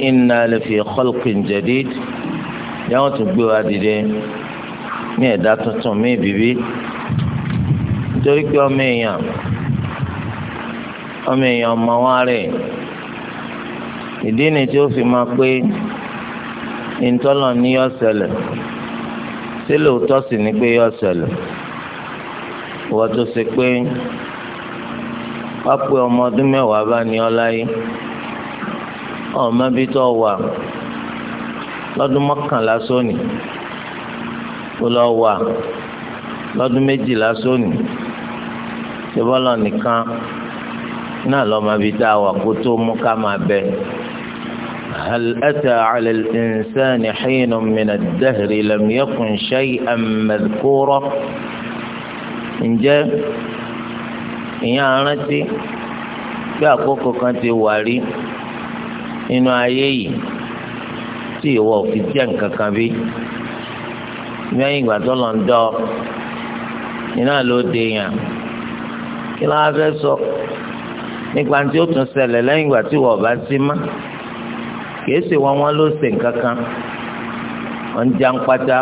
inna lafi khalqin jadid yàwọn tún gbé wa dìde ní ẹ̀dá tuntun mí bìbí nítorí pé ọmọ èèyàn ọmọ èèyàn ọmọ wa rẹ̀ ìdí ni tí ó fi máa pé ìtọ́lọ̀ ní yọ ṣẹlẹ̀ sí lóòótọ́ sì ní pé yọ ṣẹlẹ̀ wọ́n tó ṣe pé wọ́n pe ọmọ ọdún mẹ́wàá bá ní ọ láyé ọmọ bíi tó wà lọ́dún mọ́kànlá sóni ó lọ wà lọ́dún méjìlá sóni ṣébọ́lọ̀ nìkan náà lọ́mọ bíi tá a wà kó tó mú ká máa bẹ. هل أتى على الإنسان حين من الدهر لم يكن شيئا مذكورا إن ìyẹn arántí bí àkókò kan ti wà nínú ayé yìí tí ìwọ fi jẹ́ nǹkan kan bí lẹ́yìn ìgbà tó lọ ń dọ́ iná ló dé yàn kí ló wá fẹ́ sọ nípa tí ó tún ṣẹlẹ̀ lẹ́yìn ìgbà tí wọ́n bá sí mọ́ kìí ṣe wọn wọn ló ṣe nǹkan kan wọn ń pátá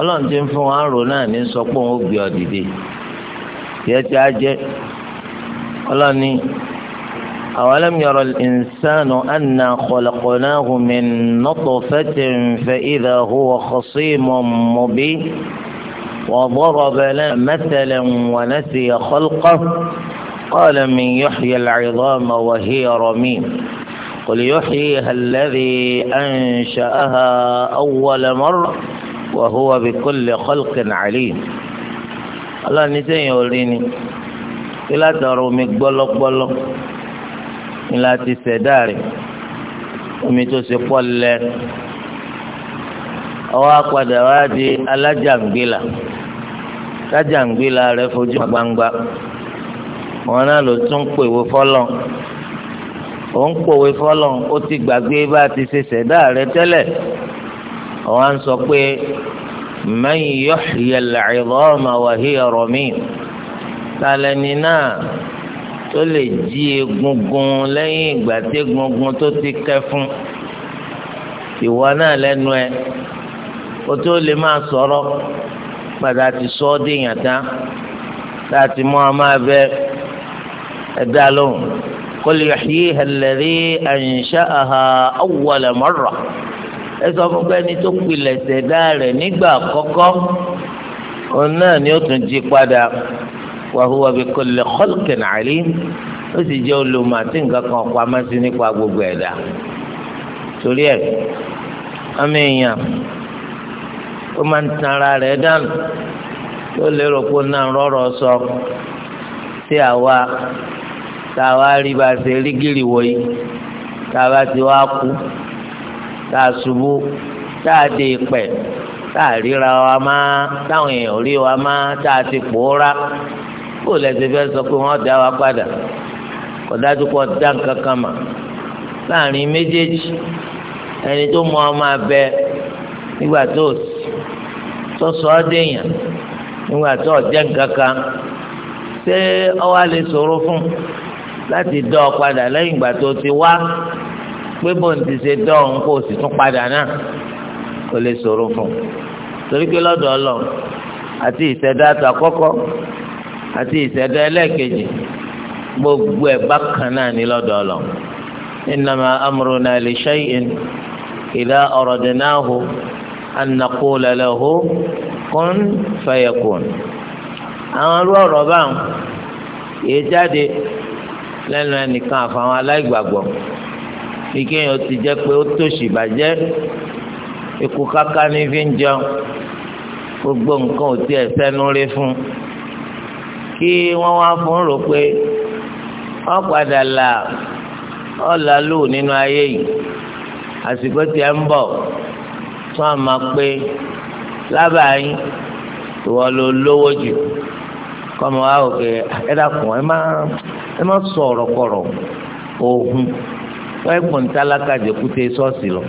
ọlọ́run ti ń fún wa ń rò náà ní sọ pé òun ó gbé ọ dìde tiẹ̀ tí a jẹ́ ọlọ́run ní awalam yara al-insanu anna khalaqnahu min nutfatin fa idha huwa khasimun mubin وضرب لنا مثلا ونسي خلقه قال من يحيي العظام وهي رميم قل يحييها الذي أنشأها أول مرة wa huwa bi kulli khalqin alim ọlọ́run ní sẹ́yìn orí ni kí láti ọ̀rọ̀ omi gbọ́lọ́gbọ́lọ́ ni láti ṣẹ̀dá rẹ̀ omi tó ṣe pọ̀ lẹ́nu ọwọ́ apàdà wa di alájàngbìlà tájàngbìlà rẹ̀ fojú gbangba wọn náà ló tún pèwé fọlọ́ òun pòwe fọlọ́ ó ti gbàgbé bá a ti ṣe ṣẹ̀dá rẹ̀ tẹ́lẹ̀ wọ́n sọ pé man yuhyi al-'idhama wa hiya ramim tàlẹ́ni náà tó lè jí egungun lẹ́yìn ìgbà tí egungun tó ti kẹ́ fún ìwọ náà lẹ́nu ẹ̀ o tó lè máa sọ̀rọ̀ padà ti sọ ọ́ dèèyàn tán tá mú ọ máa bẹ ẹ dá lóhùn qul yuhyiha alladhi ansha'aha awwala marra ẹ sọ fún pé ẹni tó pilẹ̀ ṣẹ̀dá rẹ̀ nígbà àkọ́kọ́ òun náà ni ó tún jí padà wa huwa bi kulli khalqin alim ó sì jẹ́ olùmọ̀ àti nǹkan kan pamọ́ sí nípa gbogbo ẹ̀dá torí ẹ̀ ọmọ èèyàn ó máa ń tan ara rẹ̀ dànù tó lérò pé náà rọrọ sọ sí àwa tá a wá rí bá a ṣe rí gírì wọ̀nyí tá a bá ti wá kú tá a ṣubú tá a dé ìpẹ́ tá a ríra wa má táwọn èèyàn rí wa má tá a ti pòórá kó lẹ́sẹ̀ fẹ́ sọ pé wọ́n dá wa padà kò dájú pọ̀ dá nǹkan kan mà láàrin méjèèjì ẹni tó mọ ọmọ abẹ nígbà tó tó sọ ọ́ déèyàn nígbà tó ọ̀jẹ̀ nǹkan kan ṣé ọwọ́ lè sọ̀rọ̀ fún láti dọ́ ọ padà lẹ́yìn ìgbà tó ti wá pé bóun ti ṣe dọ́ọ̀hún kó o sì tún padà náà kò lè sọ̀rọ̀ fún un torí pé lọ́dọ̀ ọlọ́run àti ìṣẹ̀dá àtàkọ́kọ́ àti ìṣẹ̀dá ẹlẹ́ẹ̀kejì gbogbo ẹ̀ bákan náà ní lọ́dọ̀ ọlọ́run innama amruna li shay'in idha aradnahu an naqula lahu kun fayakun. àwọn irú ọ̀rọ̀ báwọn yéé jáde lẹ́nu ẹnìkan àfàwọn aláìgbàgbọ́ ìkéyàn ti jẹ́ pé ó tòṣì bàjẹ́ ikú káká ní fi ń jẹun gbogbo nǹkan ò tiẹ̀ sẹ́nu rí fún kí wọ́n wá fún rò pé wọ́n padà là ọ̀là lù nínú ayé yìí àsìkò tiẹ̀ ń bọ̀ tí wọ́n máa pé lábàáyín ìwọ ló lówó jù kọ́mọ wa ò ẹ dákun ẹ má sọ̀rọ̀ kọ̀rọ̀ òhun. wọ́n ẹ̀gbọ́n tálákà jẹ́kúté sọ́ọ̀sì lọ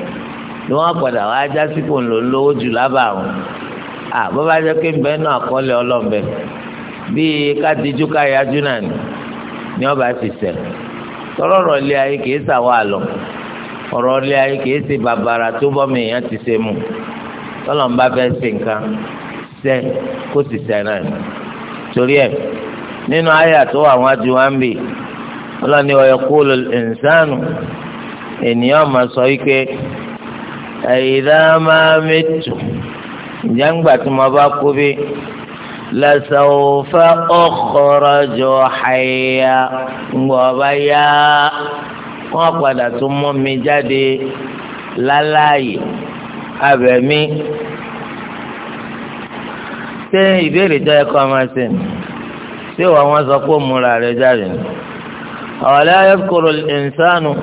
ni wọ́n padà wá ajá sípò ńlò lówó jù lábà àwọn nọ jẹ́ pé ń bẹ́ẹ̀ náà kọ́lẹ̀ ọlọ́ọ̀bẹ bíi kádìjú káyájú náà ni ni wọ́n bá ti sẹ̀ tọ́rọ̀ ọ̀rọ̀ ilé ayé kìí sàwọ́ àlọ́ ọ̀rọ̀ ilé ayé kìí ṣe bàbàrà tó bọ́mi èèyàn ti ṣe mu tọ́lọ̀ fẹ́ ṣe nǹkan sẹ́ kó sì sẹ́ náà torí ẹ̀ nínú ayé àtọ́wọ́ àwọn adìwọ́n bì ọlọ́ni ọ̀yọ́ kó lọ ènìyàn máa sọ wípé ẹ̀yìnlá máa mẹ́tù ǹjẹ́ ńgbà tí mo bá kú bí lẹ́sàwọ́fẹ́ ọ̀kọ̀rọ̀jọ àyà ńgbà ọba yá wọ́n padà tún mọ́ mi jáde láláàyè abẹ̀mí ṣé ìbéèrè jẹ́ ẹ̀kọ́ máa ṣe ni ṣé wàá wọ́n sọ pé ó múra rẹ̀ jáde ni ọ̀lẹ́ ayẹ́kọ̀rọ̀ ìǹsánù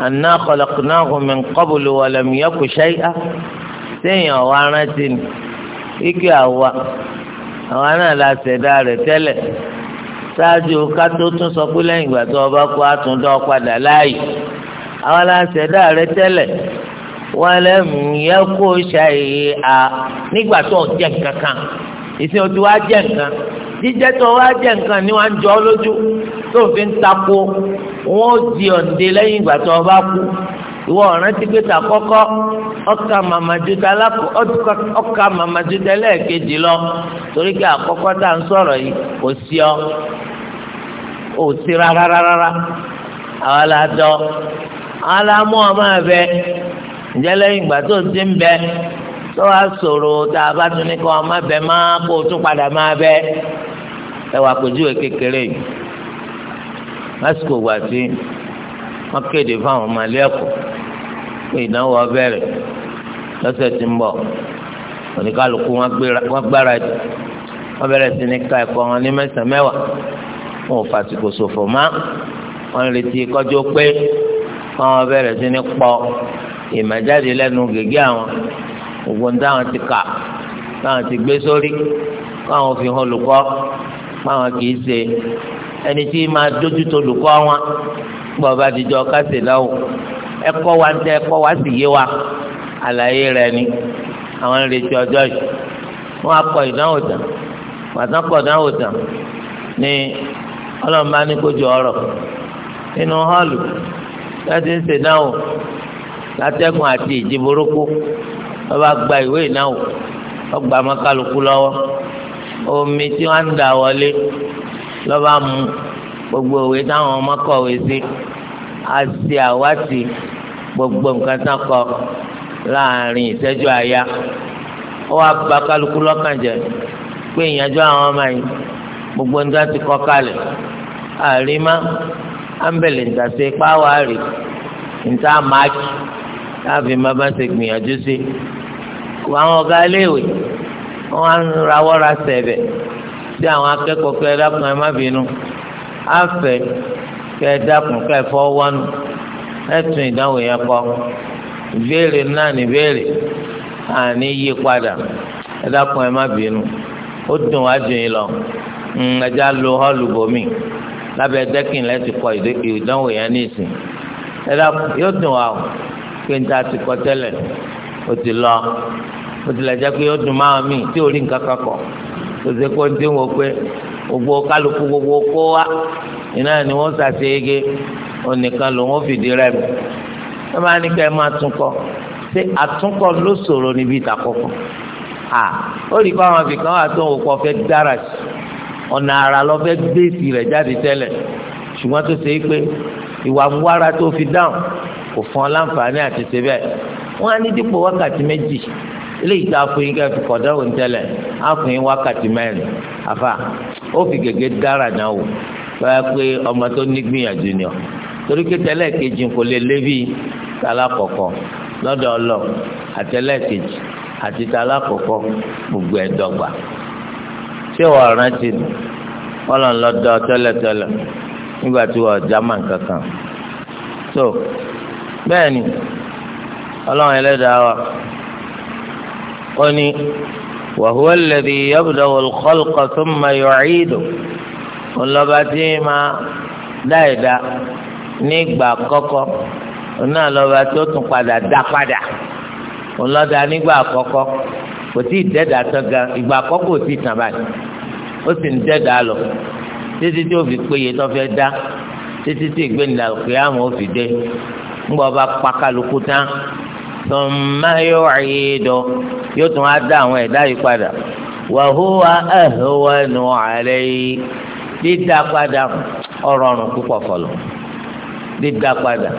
anna khalaqnahu min qablu wa lam yaku shay'a sẹ́yìn ọ̀wá rántí ni ike àwa àwa náà la ṣẹ̀dá rẹ̀ tẹ́lẹ̀ ṣáájú ká tó tún sọ pé lẹ́yìn ìgbà tó ọba kú àtúndọ́ padà láàyè àwa la ṣẹ̀dá rẹ̀ tẹ́lẹ̀ wa lam yaku shay'a nígbà tó jẹ́ nǹkan kan ìsìn ojú wa jẹ́ nǹkan. jíjẹ́ tó wá jẹ́ nǹkan ni jọ lójú tó fi ń wọn ò di ọ̀ǹde lẹ́yìn ìgbà tó bá kú ìwọ ọ̀ràn ti ta kọ́kọ́ ọkà màmàdúdà lápò ọkà lọ torí àkọ́kọ́ tá sọ̀rọ̀ yìí ọ ò sí dọ àwọn la mú ǹjẹ́ lẹ́yìn ìgbà tó ti ń bẹ tó wàá tá a bá tún ní kọ́ ẹwà àpèjúwe kékeré yìí lásìkò gbà tí wọ́n kéde fáwọn ọmọ ilé ẹ̀kọ́ pé ìdánwò ọbẹ̀rẹ̀ lọ́sẹ̀ tí ń bọ̀ oníkálukú wọn gbára jù wọ́n bẹ̀rẹ̀ sí ní ka ẹ̀kọ́ wọn ní mẹ́sàn-án mẹ́wàá wọn ò fàsìkò ṣòfò má wọ́n retí kọjú pé wọ́n bẹ̀rẹ̀ sí ní pọ̀ ìmọ̀jáde lẹ́nu gègé àwọn gbogbo táwọn ti kà táwọn ti gbé sórí káwọn fi hàn olùkọ́ fáwọn kìí ṣe ẹni tí máa dójú tó olùkọ́ wọn gbọ̀ọ́bá dijọ́ kásì náà ẹ̀kọ́ wa ń tẹ́ ẹ̀kọ́ wa sì yé wa àlàyé rẹ ni àwọn ń retí ọjọ́ yìí wọ́n akọ ìdánwò tán pàtàkì ìdánwò tán ni ọlọ́mọba ní kójú nínú họ́ọ̀lù ń látẹ́kùn àti gba ìwé mọ́kálukú lọ́wọ́. omi tí wọ́n ń dà wọlé lọ́ba mu gbogbo òwe táwọn ọmọ kọ̀wé sí àti àwátì gbogbo nǹkan tán kọ láàrin ìṣẹ́jú àyá ó wá bà kálukú lọ́kàn jẹ́ pé ìyànjú àwọn ọmọ yìí gbogbo ń dá ti kọ́ kalẹ̀ àrímá ámbẹ̀lẹ̀ ntàṣe páwá rè níta máàkì láàfin má bá ṣe gbìyànjú sí àwọn ọ̀gá iléèwé wọn á ń rawọ́ ra sẹ̀bẹ̀ sí àwọn akẹ́kọ̀ọ́ kẹ́ ẹ dákun ẹ má bínú àfẹ́ kẹ́ ẹ dákun kẹ́ ẹ veere wánu ẹ tún ìdánwò yẹn kọ́ ìbéèrè náà ní ìbéèrè àní yí padà ẹ dákun ẹ má bínú ó dùn wá dùn yín lọ hmm, ẹja lo họ́ọ̀lù bòmí lábẹ́ dẹ́kìn lẹ́tì kọ ìdánwò yẹn ní ìsìn ẹ dákun yóò dùn wá o pé n ta ti kọ o ti lọ. bó tilẹ̀ jẹ́ pé ó dùn máa mi tí ò rí nǹkan kan kọ̀ tó ṣe kó ń dín wọ pé gbogbo kálukú gbogbo kó wa iná ni wọ́n ṣàṣeyege onìkan ló wọ́n fìdí rẹ̀ mi ẹ máa ní ká ẹ máa tún kọ ṣé àtúnkọ ló ṣòro níbi ìtàkọ́kọ́ à ó rí báwọn àfikàn wà tó ń wòpọ̀ fẹ́ dára sí ọ̀nà ara lọ fẹ́ gbé èsì rẹ̀ jáde tẹ́lẹ̀ ṣùgbọ́n tó ṣe é pé ìwà wára tó fi dáhùn kò fún ọ láǹfààní àti ṣe bẹ́ẹ̀ wọ́n á ní dípò wákàtí méjì eléyìí tá a fún yín kẹfì kọdáwò ńtẹlẹ á fún yín wákàtí mẹ́rin àfà ó fi gègé dára náà wò báyà pé ọmọ tó ní gbìyànjú ni ọ torí pé kejì kò lè lébi tala kọkọ lọ́dọ̀ ọlọ àtẹlẹ kejì àti tala kọkọ gbogbo edogba dọ́gba ṣé wọ́n rántí ni wọ́n lọ lọ́dọ̀ tẹ́lẹ̀tẹ́lẹ̀ nígbà tí wọ́n kankan so bẹ́ẹ̀ ni Ọlọ́run Ẹlẹ́dàá wa. قني وهو الذي يبدأ الخلق ثم يعيده ولباتي ما دايدا نيكبا كوكو náà lọ́ba tó tún padà dá padà ọlọ́dà nígbà àkọ́kọ́ kò tí ì dẹ́dà tán gan ìgbà àkọ́kọ́ ò tí ì tàn báyìí ó sì ń dẹ́dà lọ títí tí ó fi péye tó fẹ́ dá títí tí ìgbéni làlùkì àmọ́ ó fi dé ńgbà ọba pa kálukú tán thumma yu'idu yóò tún á dá àwọn ẹ̀dá yìí padà wa huwa ahwanu alayhi dídá padà ọ̀rọ̀rùn púpọ̀ fọlọ́ dídá padà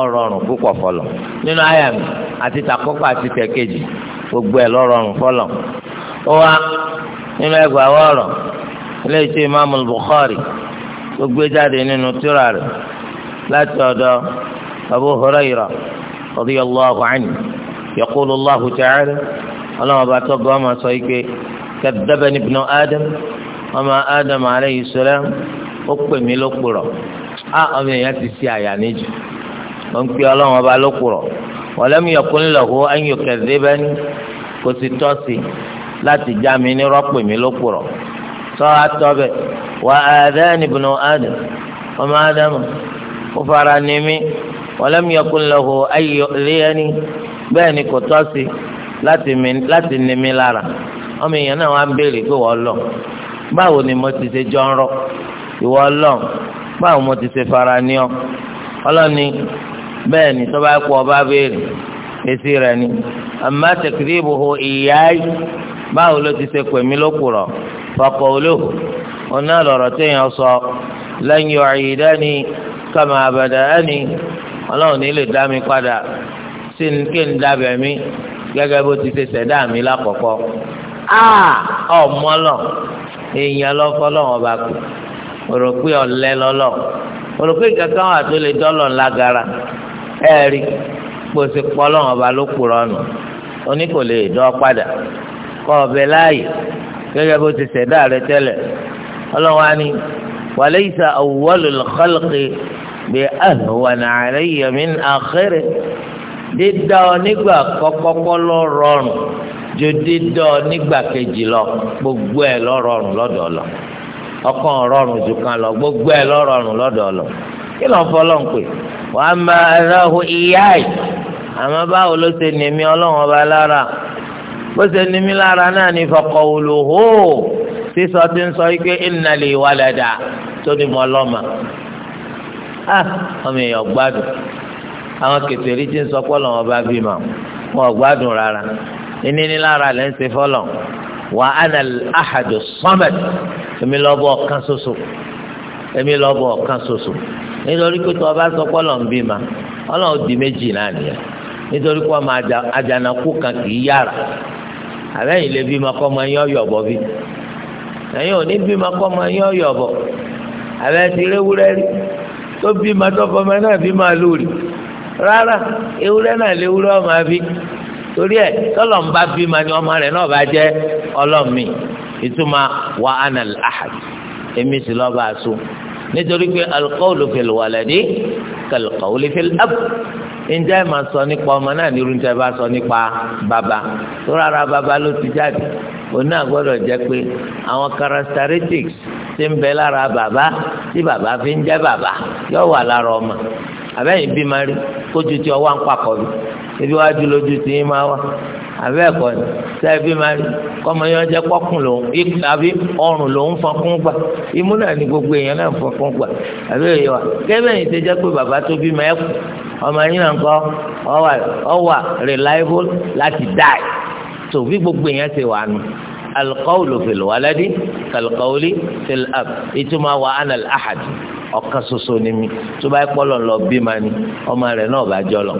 ọ̀rọ̀rùn púpọ̀ fọlọ́ nínú àyà mi àti tàkọ́kọ́ àti tẹ̀kejì gbogbo ẹ̀ lọ́rọ̀rùn fọlọ́ ó wá nínú ẹgbàá wọ̀rọ̀ ilé iṣẹ́ imaamu Bukhari tó gbé jáde nínú tírà rẹ̀ láti ọ̀dọ̀ Abu Hurairah. رضي الله عنه يقول الله تعالى الله باتوب وما صيك كذبني ابن آدم وما آدم عليه السلام أقبل من لقرة أقبل يتسي عيانيج أنكي اللهم بالقرة ولم يكن له أن يكذبني كستوسي لا تجامني رب من لقرة صلاة وآذان ابن آدم وما آدم وفراني walam yakun lahu ay yu'dhiyani bẹ́ẹ̀ ni kò tọ́ sí láti ní mi lára ọmọ èèyàn náà wá béèrè pé wọ́n lọ báwo ni mo ti ṣe jọ ń rọ báwo mo ti ṣe fara ní ọ ọlọ́ni bẹ́ẹ̀ ni tó bá kú ọba béèrè èsì rẹ̀ ni àmọ́ tẹ̀kìrì ìbòho ìyá yìí báwo ló ti ṣe pè mí olóhùn lọ̀rọ̀ sọ lẹ́yìn ọlọ́run ní lè dá mi padà sí ní kí n dábẹ̀ mí gẹ́gẹ́ bó ti ṣe ṣẹ̀dá mi lákọ̀ọ́kọ́ ọmọlọ èèyàn lọ́fọ́lọ́ wọn bá kú òrò pé ọ̀lẹ́ lọ́lọ́ òrò pé kankan wà tó lè dọ́lọ̀ lágara ẹ̀rí kpòsì pọ́lọ́ wọn bá ló kúrọ̀ nù oní kò lè dọ́ padà kọ́ ọbẹ̀ láàyè gẹ́gẹ́ bó ti ṣẹ̀dá rẹ tẹ́lẹ̀ ọlọ́wọ́n á ní walaysa awwalul khalqi bí ànúwànà àríyànmí àkérè dídá ọ nígbà kọ́kọ́kọ́ lọ rọrùn ju dídá ọ nígbà kejì lọ gbogbo ẹ̀ lọ rọrùn lọ́dọ̀ lọ ọkàn rọrùn ju kan lọ gbogbo ẹ̀ lọ rọrùn lọ́dọ̀ lọ kí ló ń fọlọ́ ń pè wà á máa ráhu ìyá ẹ̀ àmọ́ báwo ló ṣe nìmí ọlọ́run ọba lára bó ṣe nìmí lára náà ní fọkọ̀wòlò hó sísọ tí ń sọ wípé ìnàlè ìwà dàda tó ní mọ́ ọlọ́mà ọmọ èèyàn gbádùn àwọn kẹtẹrí tí ń sọ pọ́ lọ́wọ́ bá bí ma wọn gbádùn rárá ìní ní lára lẹ́ ń ṣe fọ́lọ̀ wà á nà áhàdù sọ́mẹ̀t èmi lọ́bọ̀ ọ̀kan ṣoṣo èmi lọ́bọ̀ ọ̀kan ṣoṣo nítorí pé tí wọ́n bá sọ pọ́ lọ́wọ́ ń bí ma ọlọ́run di méjì náà nìyẹn nítorí pé ọmọ àjànàkú kan kì í yára àbẹ́yìn lè bí ma kọ́ yín ọ̀yọ̀ bọ̀ bí ẹ̀yin ò ní bí ma kọ́ yín ọ̀yọ̀ bọ̀ àbẹ́ ti réwúrẹ́ tó bímọ tọkọmọ náà bí màálù rí rárá ewúrẹ́ náà léwúrẹ́ ọmọ àbí torí ẹ tọ́lọ̀ ń bá bímọ ni ọmọ rẹ̀ náà bá jẹ́ ọlọ́mìn ìtumọ̀ wa anal ahad èmi sì lọ́ọ́ bá a sùn nítorí pé alqawlu fil waladi kalqawli fil ab njẹ́ ẹ̀ máa sọ nípa ọmọ náà ní irú njẹ́ bá sọ nípa bàbá tó rárá bàbá ló ti jáde òun náà gbọ́dọ̀ jẹ́ pé àwọn characteristics tí ń bẹ lára bàbá tí bàbá fi ń jẹ́ bàbá yóò wà lára ọmọ àbẹ́yìn bí máa rí kójú tí ọwọ́ ń pakọ̀ bí ebi wá ju lójú tí ń máa wá àbẹ́ ẹ̀kọ́ ni tẹ́ bí máa rí kọ́mọ yẹn jẹ́ pọ́kùn lòun àbí ọrùn lòun fọn kún gbà imú náà ni gbogbo èèyàn náà fọn kún gbà àbẹ́ èyí wa kẹ́bẹ́yìn ti jẹ́ pé bàbá tó bí máa ẹ̀kú ọmọ yín náà kọ́ ọwà reliable láti die tòbí gbogbo èèyàn ti wà nù alqawlu fil waladi kalqawli fil ab ìtumọ̀ wa ana al-ahad ọ̀kan ṣoṣo ni mi tó bá pọ́lọ̀ lọ bí ma ni ọmọ rẹ̀ náà bá jọ lọ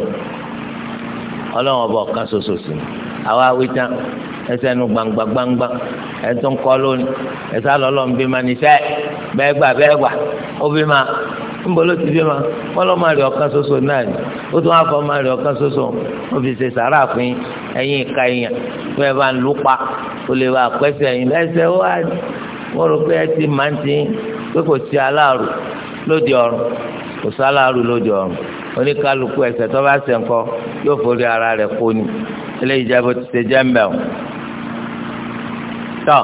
ọlọ́run ọba ọ̀kan ṣoṣo sí mi àwa nu gbangba gbangba ẹ̀tún kọ́ lónìí ẹ̀sẹ̀ alọ́lọ́ ni sẹ́ẹ̀ bẹ́ẹ̀ gbà bẹ́ẹ̀ níbo ló ti bí ma wọn lọ́ọ́ máa rí ọ̀kan ṣoṣo náà ni ó tún wá fọ́ máa rí ọ̀kan ṣoṣo ó fi ṣe sàrà fún ẹ̀yin ìka èèyàn fún ẹ bá o lù pa ó lè wá pẹ́sẹ̀ ẹ̀yìn lẹ́sẹ̀ ó wá wọ́n rò pé ẹ ti máa ń ti pé kò sí aláàrù lóde ọ̀run kò sí aláàrù lóde ọ̀run oníkálukú ẹsẹ̀ tó bá ṣe nǹkan yóò forí ara rẹ̀ kó eléyìí jẹ́ bó ti ṣe jẹ́ mbẹ́ o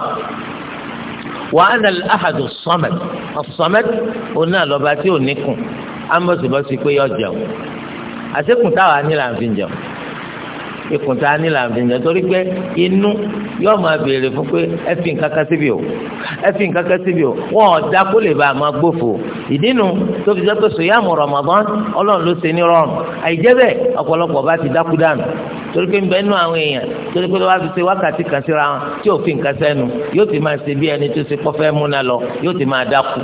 wa ana al-ahadu as-samad as-samad òun náà lọ́ba tí ò ní kùn á mọ̀ sí bọ́ pé yọ jẹun àṣekùn táwa ní là jẹun ikùn tá a ní là ń fi jẹ torí pé inú yóò máa béèrè fún pé ẹ fi nǹkan kan síbi o ẹ fi nǹkan kan síbi o wọn ò dá kó lè bá a gbófo ìdí nu tó fi jẹ́ pé sòyàmù Ramadan ọlọ́run ló ṣe ní rọrùn àìjẹ́ bẹ́ẹ̀ ọ̀pọ̀lọpọ̀ bá ti dákú dànù torí pé ń bẹ nú àwọn èèyàn torí pé wọ́n fi ṣe wákàtí kan síra wọn tí òfin kan sẹ́nu yóò ti máa ṣe bí ẹni tó ṣe kọ́fẹ́ múná lọ yóò ti máa dákú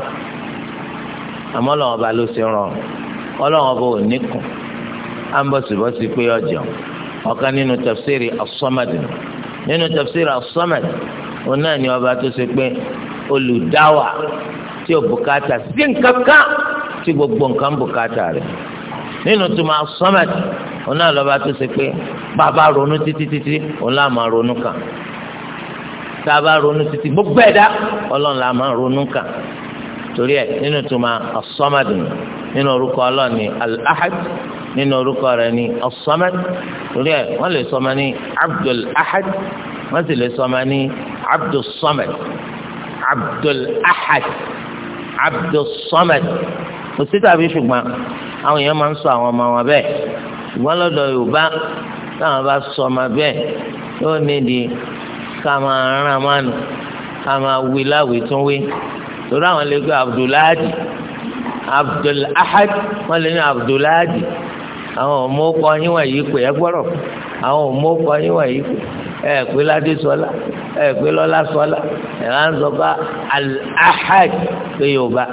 àmọ́ ọlọ́run ọba ló ṣe rọrùn ọlọ́run ọba ò ní kù á ń bọ̀ síbọ̀ pé ọjọ́ ọ̀kan nínú tafsiri as-Samad nínú tafsiri as-Samad òun náà ni ọba tó ṣe pé olùdáwà tí o bùkátà sí nǹkankan tí gbogbo nǹkan bùkátà rẹ̀ nínú tuma as-Samad òun náà lọ́ba tó ṣe pé bàbá ronú títí títí òun là máa ronú kàn tá a bá ronú títí gbogbo ẹ̀dá ọlọ́run là máa ronú kàn torí ẹ̀ nínú tuma as nínú orúkọ ọlọ́run ni al nínú orúkọ rẹ̀ ní as-Samad torí ẹ̀ wọ́n lè sọ ma ní Abdul Ahad wọ́n sì lè sọ ma ní Abdul Samad Abdul Ahad Abdul Samad kò sí tàbí ṣùgbọ́n àwọn èèyàn máa ń sọ àwọn ọmọ wọn bẹ́ẹ̀ ṣùgbọ́n lọ́dọ̀ Yorùbá táwọn bá sọ ọmọ yóò ní di ká máa rán mánu ká máa wí láwìí tún wí torí àwọn lè gbé Abdulhadi Abdulahad wọ́n lè ní Abdulhadi àwọn ọmọ ọkọ yín wọ̀nyí pé ẹ gbọ́rọ̀ àwọn ọmọ ọkọ yín wọ̀nyí pé ẹ pé ládé sọlá ẹ pé lọ́lá sọlá ẹ máa ń sọ bá al-ahad pé yorùbá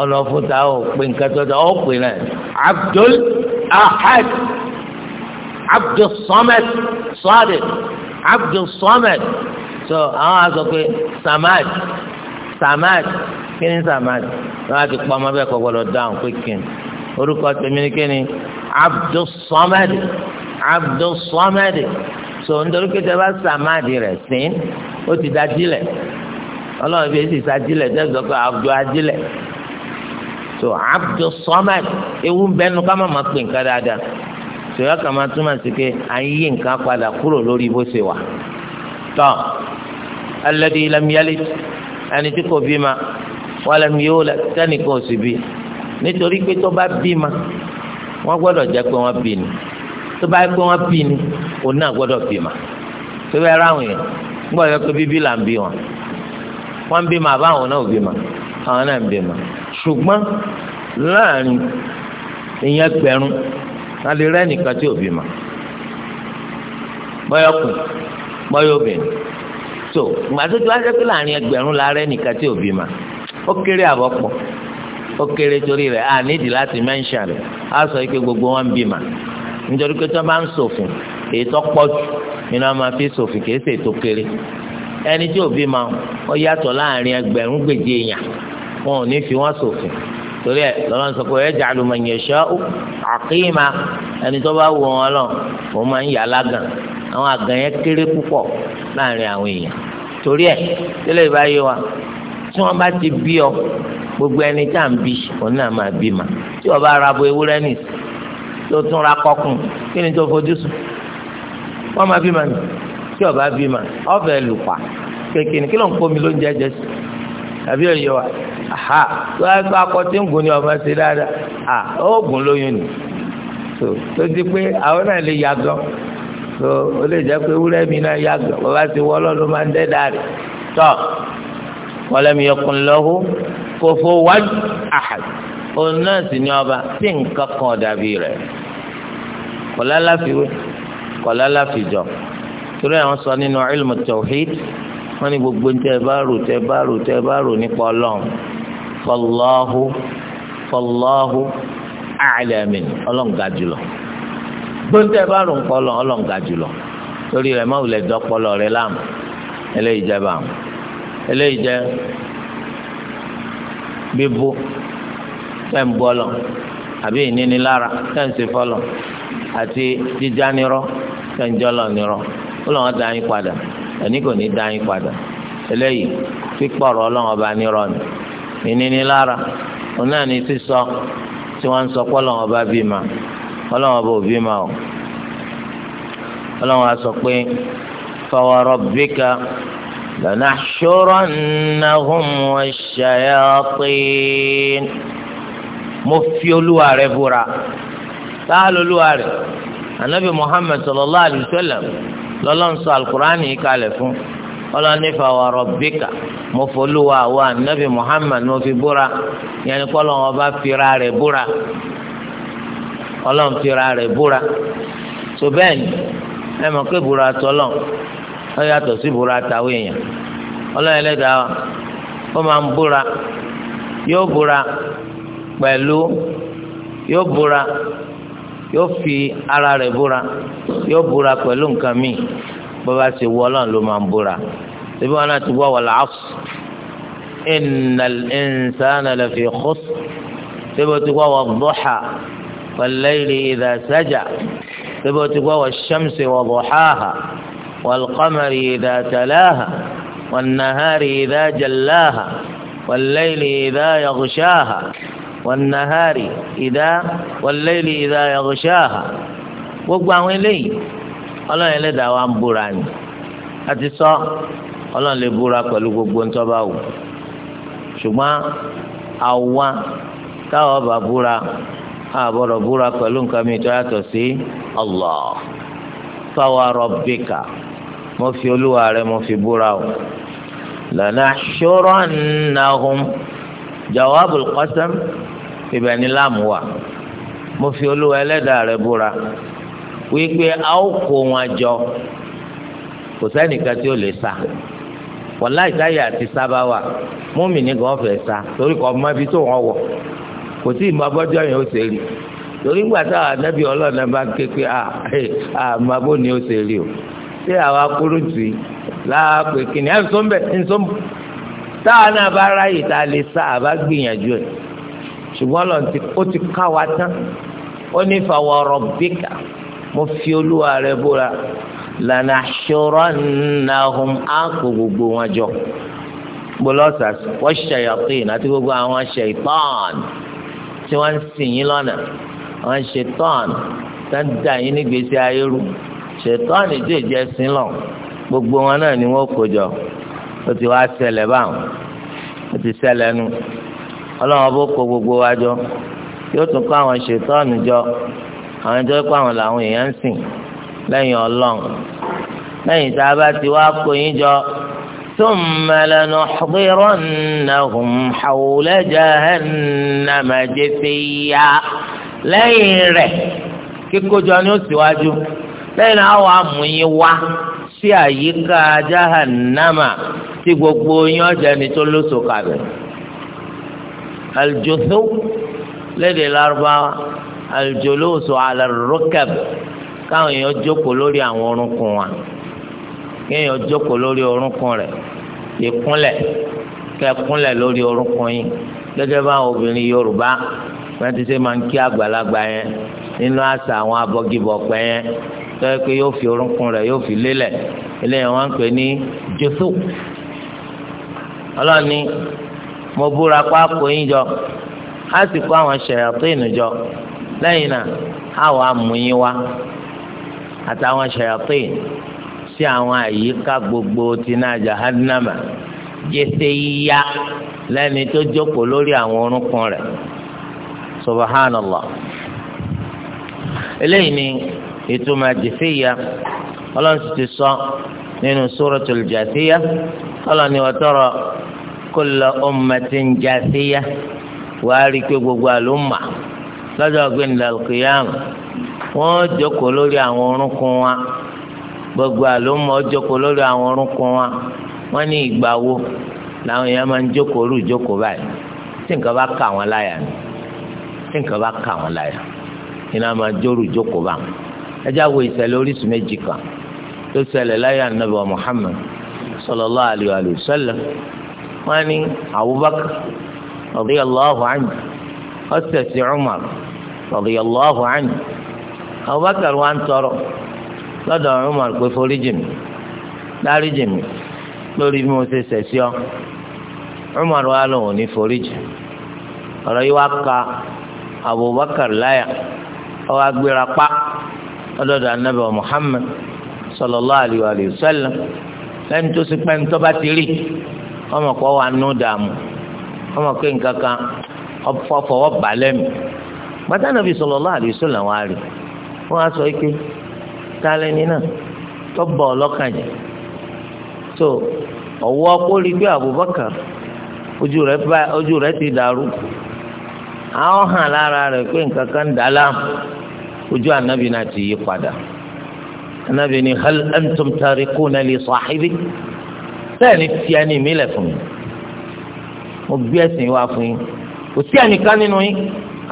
ọ̀nà fún ta ọ̀ pé nǹkan tó ta ọ̀ pé náà abdul ahad abdul samad sadiq abdul samad so àwọn á pé samad samad kí ni samad wọn á ti pọ ọmọ bẹ́ẹ̀ kọ́ gbọ́dọ̀ dáhùn pé kí ni orúkọ tèmi ni kíni Abdulsamad Abdulsamad so nítorí pé tẹ́lá sàmáàdì rẹ̀ sín ó ti da jílẹ̀ ọlọ́run fi èsì sàjílẹ̀ tẹ́lá sọ pé Abdul ajílẹ̀ so Abdulsamad ewu ń bẹnu ká má má pè nǹkan dáadáa sọ̀rọ̀ kan máa túmọ̀ sí pé à ń yí nǹkan padà kúrò lórí bó ṣe wà. tọ́ alladhi lam yalid ẹni tí kò bí ma wa lam yulad tẹ́nì kan ò sì bí nítorí pé tó bá bí ma wọ́n gbọ́dọ̀ jẹ́ pé wọ́n bí ni tó bá yẹ pé wọ́n bí ni òun náà gbọ́dọ̀ bí ma tó bá ráhùn yẹn gbọ́dọ̀ yẹ pé bíbí là ń bí wọn wọ́n bí ma àbáwọn náà ò bí ma àwọn náà ń bí ma ṣùgbọ́n láàrin ìyẹn gbẹ̀rún alẹ́ rẹ́ nìkan tí ò bí ma bọ́yọ̀ kù bọ́yọ̀ obìnrin tó gbàdúrà tó pé láàrin ẹgbẹ̀rún la rẹ́ nìkan tí ò bí ma ó kéré àbọ̀pọ̀ ó kéré torí rẹ̀ a nídìí láti mẹ́ńṣà rẹ̀ á sọ pé gbogbo wọn bímọ nítorí pé tó máa ń ṣòfin èyí tó pọ̀ jù nínú àwọn máa fi ṣòfin kìí ṣe tó kéré ẹni tí ò bímọ ó yàtọ̀ láàrin ẹgbẹ̀rún gbèjì èèyàn wọn ò ní fi wọn ṣòfin torí ẹ lọ́nà sọ pé ẹ̀jẹ̀ àlùmọ̀nyẹ̀ṣọ́ àkíyèmá ẹni tó bá wù wọn lọ òun máa ń yà lágàn àwọn àgàn yẹn kéré púpọ̀ láàrin àwọn èèyàn torí ẹ tẹ́lẹ̀ ìbáyé wa tí wọ́n bá ti bí ọ gbogbo ẹni tá à ń bí òun náà máa bí mà tí ọba arabo ewúrẹ́ nì tó tún ra kọkùn kí ni tó fojú sùn wọ́n máa bí mà ní tí ọba bí mà ọbẹ̀ lùpà kékeré ní kí ló ń kó mi ló ń jẹjẹ sí àbí òye wa aha tó a gbọ́ akọtí ń gùn ní ọmọ ṣe dáadáa à ó gùn lóyún ni tó tó ti pé àwọn náà lè ya gan tó ó lè jẹ́ pé ewúrẹ́ mi náà ya gan bàbá ti wọ́ ọlọ́run máa ń dẹ́ dáa rẹ̀ wọ́n lẹ́mi ọkùnrin lọ́hùn fòfò wájú àhàd òun náà sì ní ọba tí nǹkan kan dàbí rẹ̀ kọlá láfiwé kọlá láfijọ torí àwọn sọ nínú ilmu tawhid wọn ní gbogbo ń tẹ bá rò tẹ bá rò tẹ bá rò nípa Ọlọ́run fọlọhù fọlọhù àlẹmìn Ọlọ́run ga jùlọ gbogbo ń tẹ bá rò nípa Ọlọ́run Ọlọ́run ga jùlọ torí rẹ̀ má wulẹ̀ dọ́pọlọ rẹ̀ láàmú eléyìí jẹ́ báwọn eléyìí jẹ́ bíbú tẹ̀ ń bọ́ lọ àbí ìnínilára tẹ̀ ń ṣe fọlọ̀ àti jíjá nírọ́ tẹ̀ ń jọ́lọ̀ nírọ́ ó lọ́wọ́ da yín padà ẹni kò ní da yín padà eléyìí pípọ̀rọ̀ ọlọ́wọ́ bá nírọ́ ni ìnínilára òun náà ní sísọ tí wọ́n ń sọ pé ọlọ́wọ́ bá bí ma ọlọ́wọ́ bá òbí ma o ọlọ́wọ́ á sọ pé fa wa rabbika lanahshurannahum wash-shayatin mo fi olúwa rẹ búra táàlù olúwa rẹ anabi muhammed sallallahu alayhi wa sallam lọlọ́nsọ alukurani kalẹ̀ fún ọlọ́nífà wa rọ̀bíkà mo folúwa wa anabi muhammed mo fi búra yẹn ni kọ́lọ́n ọba fira rẹ̀ búra ọlọ́n fira rẹ̀ búra tó bẹ́ẹ̀ ni ẹ mọ̀ pé búra tọ́lọ́n ó yàtọ̀ sí ìbúra táwọn èèyàn ọlọ́run ẹlẹ́dàá ó máa ń búra yóò búra pẹ̀lú yóò búra yóò fi ara rẹ̀ búra yóò búra pẹ̀lú nǹkan míì bàbá ṣe wọ ọlọ́run ló máa ń búra síbí wọn náà ti wọ́ wal asr innal insana lafi khusr síbí wọn ti wọ́ wadduha wal layli idha saja síbí wọn ti wọ́ wash-shamsi wa duhaha. والقمر إذا تلاها والنهار إذا جلاها والليل إذا يغشاها والنهار إذا والليل إذا يغشاها gbogbo àwọn eléyìí ọlọ́run ẹlẹ́dàá wa ń búra ni a ti sọ ọlọ́run lè búra pẹ̀lú gbogbo ń tọ́ba wò ṣùgbọ́n àwa táwọn bá búra àbọ̀rọ̀ búra pẹ̀lú nǹkan mi tó yàtọ̀ sí Allah fawa rabbika mo fi olúwa rẹ mo fi búra o lanahshurannahum jawabul qasam ibẹ̀ ni láàmú wa mo fi olúwa ẹlẹ́dàá rẹ búra wípé a ó kó wọn jọ kò sẹ́nìkan tí ó lè sá wàlá ìtayà àti sábà wà múmìnì gan fẹ́ sá torí kò mọ ibi tó wọn wọ kò tí ì mọ abọ́jọ́ yẹn ó ṣe rí torí gbàtà ànábì ọlọ́ọ̀nà bá ké pé a àmọ́ abó ni ó ṣe rí o ṣé àwa kúrò tù í láàpẹ kìnìún ẹ nsọ mbẹ nsọ mbẹ táwa náà bá ráyè tá a lè sá a bá gbìyànjú ẹ ṣùgbọ́n lọ ti ó ti ká wa tán ó ní fàwọrọ bíkà mo fi olúwa rẹ búra lànà ṣòro nàhùn á kó gbogbo wọn jọ gbọlọsà wọ́n ṣàyàpín àti gbogbo àwọn ṣèpán tí wọ́n ń sìn yín lọ́nà àwọn ṣèpán tó ń dà yín nígbèsè ayé rú ṣètọ́ni tí ìjẹ́ sílọ gbogbo wọn náà ni wọ́n kó jọ ó ti wá ṣẹlẹ̀ báwọn ó ti ṣẹlẹ̀ nu ọlọ́wọ́n bó kó gbogbo wa jọ yóò tún kó àwọn ṣètọ́ni jọ àwọn ìjọ pé àwọn làwọn èèyàn ń sìn lẹ́yìn ọlọ́run lẹ́yìn tá a bá ti wá kó yín jọ ثم لنحضرنهم حول جهنم جثيا lẹ́yìn rẹ̀ kíkójọ ni ó síwájú. Si lẹ́yìn náà wàá mú yín wá sí àyíká jahannama tí gbogbo yín ọjà ni tó lóso kàbẹ̀. aljotho lédè lárúbáwá aljolóso alárúkẹb káwọn èèyàn jókòó lórí àwọn orúnkún wa kéèyàn jókòó lórí orúnkún rẹ̀ ìkúnlẹ̀ kẹkúnlẹ̀ lórí orúnkún yín gẹ́gẹ́ báwọn obìnrin yorùbá wọn ti ṣe máa ń kí àgbàlagbà yẹn nínú àṣà àwọn abọgibọpẹ yẹn tọ́yẹ pé yóò fi orúnkún rẹ̀ yóò fi lélẹ̀ eléyìí wọ́n ń pè ní jésù ọlọ́ni mo búra pápó yín jọ á sì kó àwọn ṣàyàtínù jọ lẹ́yìn náà á wàá mú yín wá àtàwọn ṣàyàtínù sí àwọn àyíká gbogbo tìǹà jahannama jésè yíyá lẹ́ni tó jókòó lórí àwọn orúnkún rẹ̀ subhanallah eléyìí ni ìtumọ̀ jìfìyà ọlọ́run sì ti sọ nínú suratul jàsíyà ọlọ́run ni wọ́n tọrọ kulla ummatin jàsíyà wàá rí i pé gbogbo àlùmà lọ́jọ́ gbẹ̀ndà kìyàmù wọ́n jókòó lórí àwọn orúnkún wa gbogbo àlùmà ó jókòó lórí àwọn orúnkún wa wọ́n ní ìgbà wo làwọn èèyàn máa ń jókòó rú ìjókòó báyìí tí nǹkan bá kà wọ́n láyà ni tí nǹkan bá kà wọ́n láyà ni wọ́n máa jóru ìjókòó báyìí ẹjẹ́ àwọ̀ ìṣẹ̀lẹ̀ oríṣìí méjì kan tó ṣẹlẹ̀ láyé ànábì Muhammad sallallahu alayhi wa sallam wọ́n ní Abubakar radiyallahu anhu ó ṣẹ̀sì Umar radiyallahu anhu Abubakar wa ń tọrọ lọ́dọ̀ Umar pé foríjì mi dáríjì mi lórí bí mo ṣe ṣẹ̀sì ọ́ Umar wa lòun ò ní foríjì ọ̀rọ̀ yìí wá ka Abubakar láyà ó wá gbéra ọlọ́dọ̀ anabi muhammed sallallahu alayhi wa sallam lẹ́ni tó sì pẹ́ni tó bá ti rí ọmọ kọ́ wa nù dààmú ọmọ kí n kankan fọwọ́ bà lẹ́mi bàtà nàbì sallallahu alayhi wa sallam wa rí wọ́n á sọ ike tálẹ́ ní náà tó bọ̀ ọlọ́kàn yẹn tó ọwọ́ kórìí bí abubakar ojú rẹ̀ ojú rẹ̀ ti dàrú àwọn hàn lára rẹ̀ pé nǹkan kan ojú anabi náà ti yí padà anabi ni hal antum tarikuna li sahibi sẹ́ẹ̀ni tí a ní ìmílẹ̀ fún mi mo gbé ẹ̀sìn wá fún yín kò sí ẹnìkan nínú yín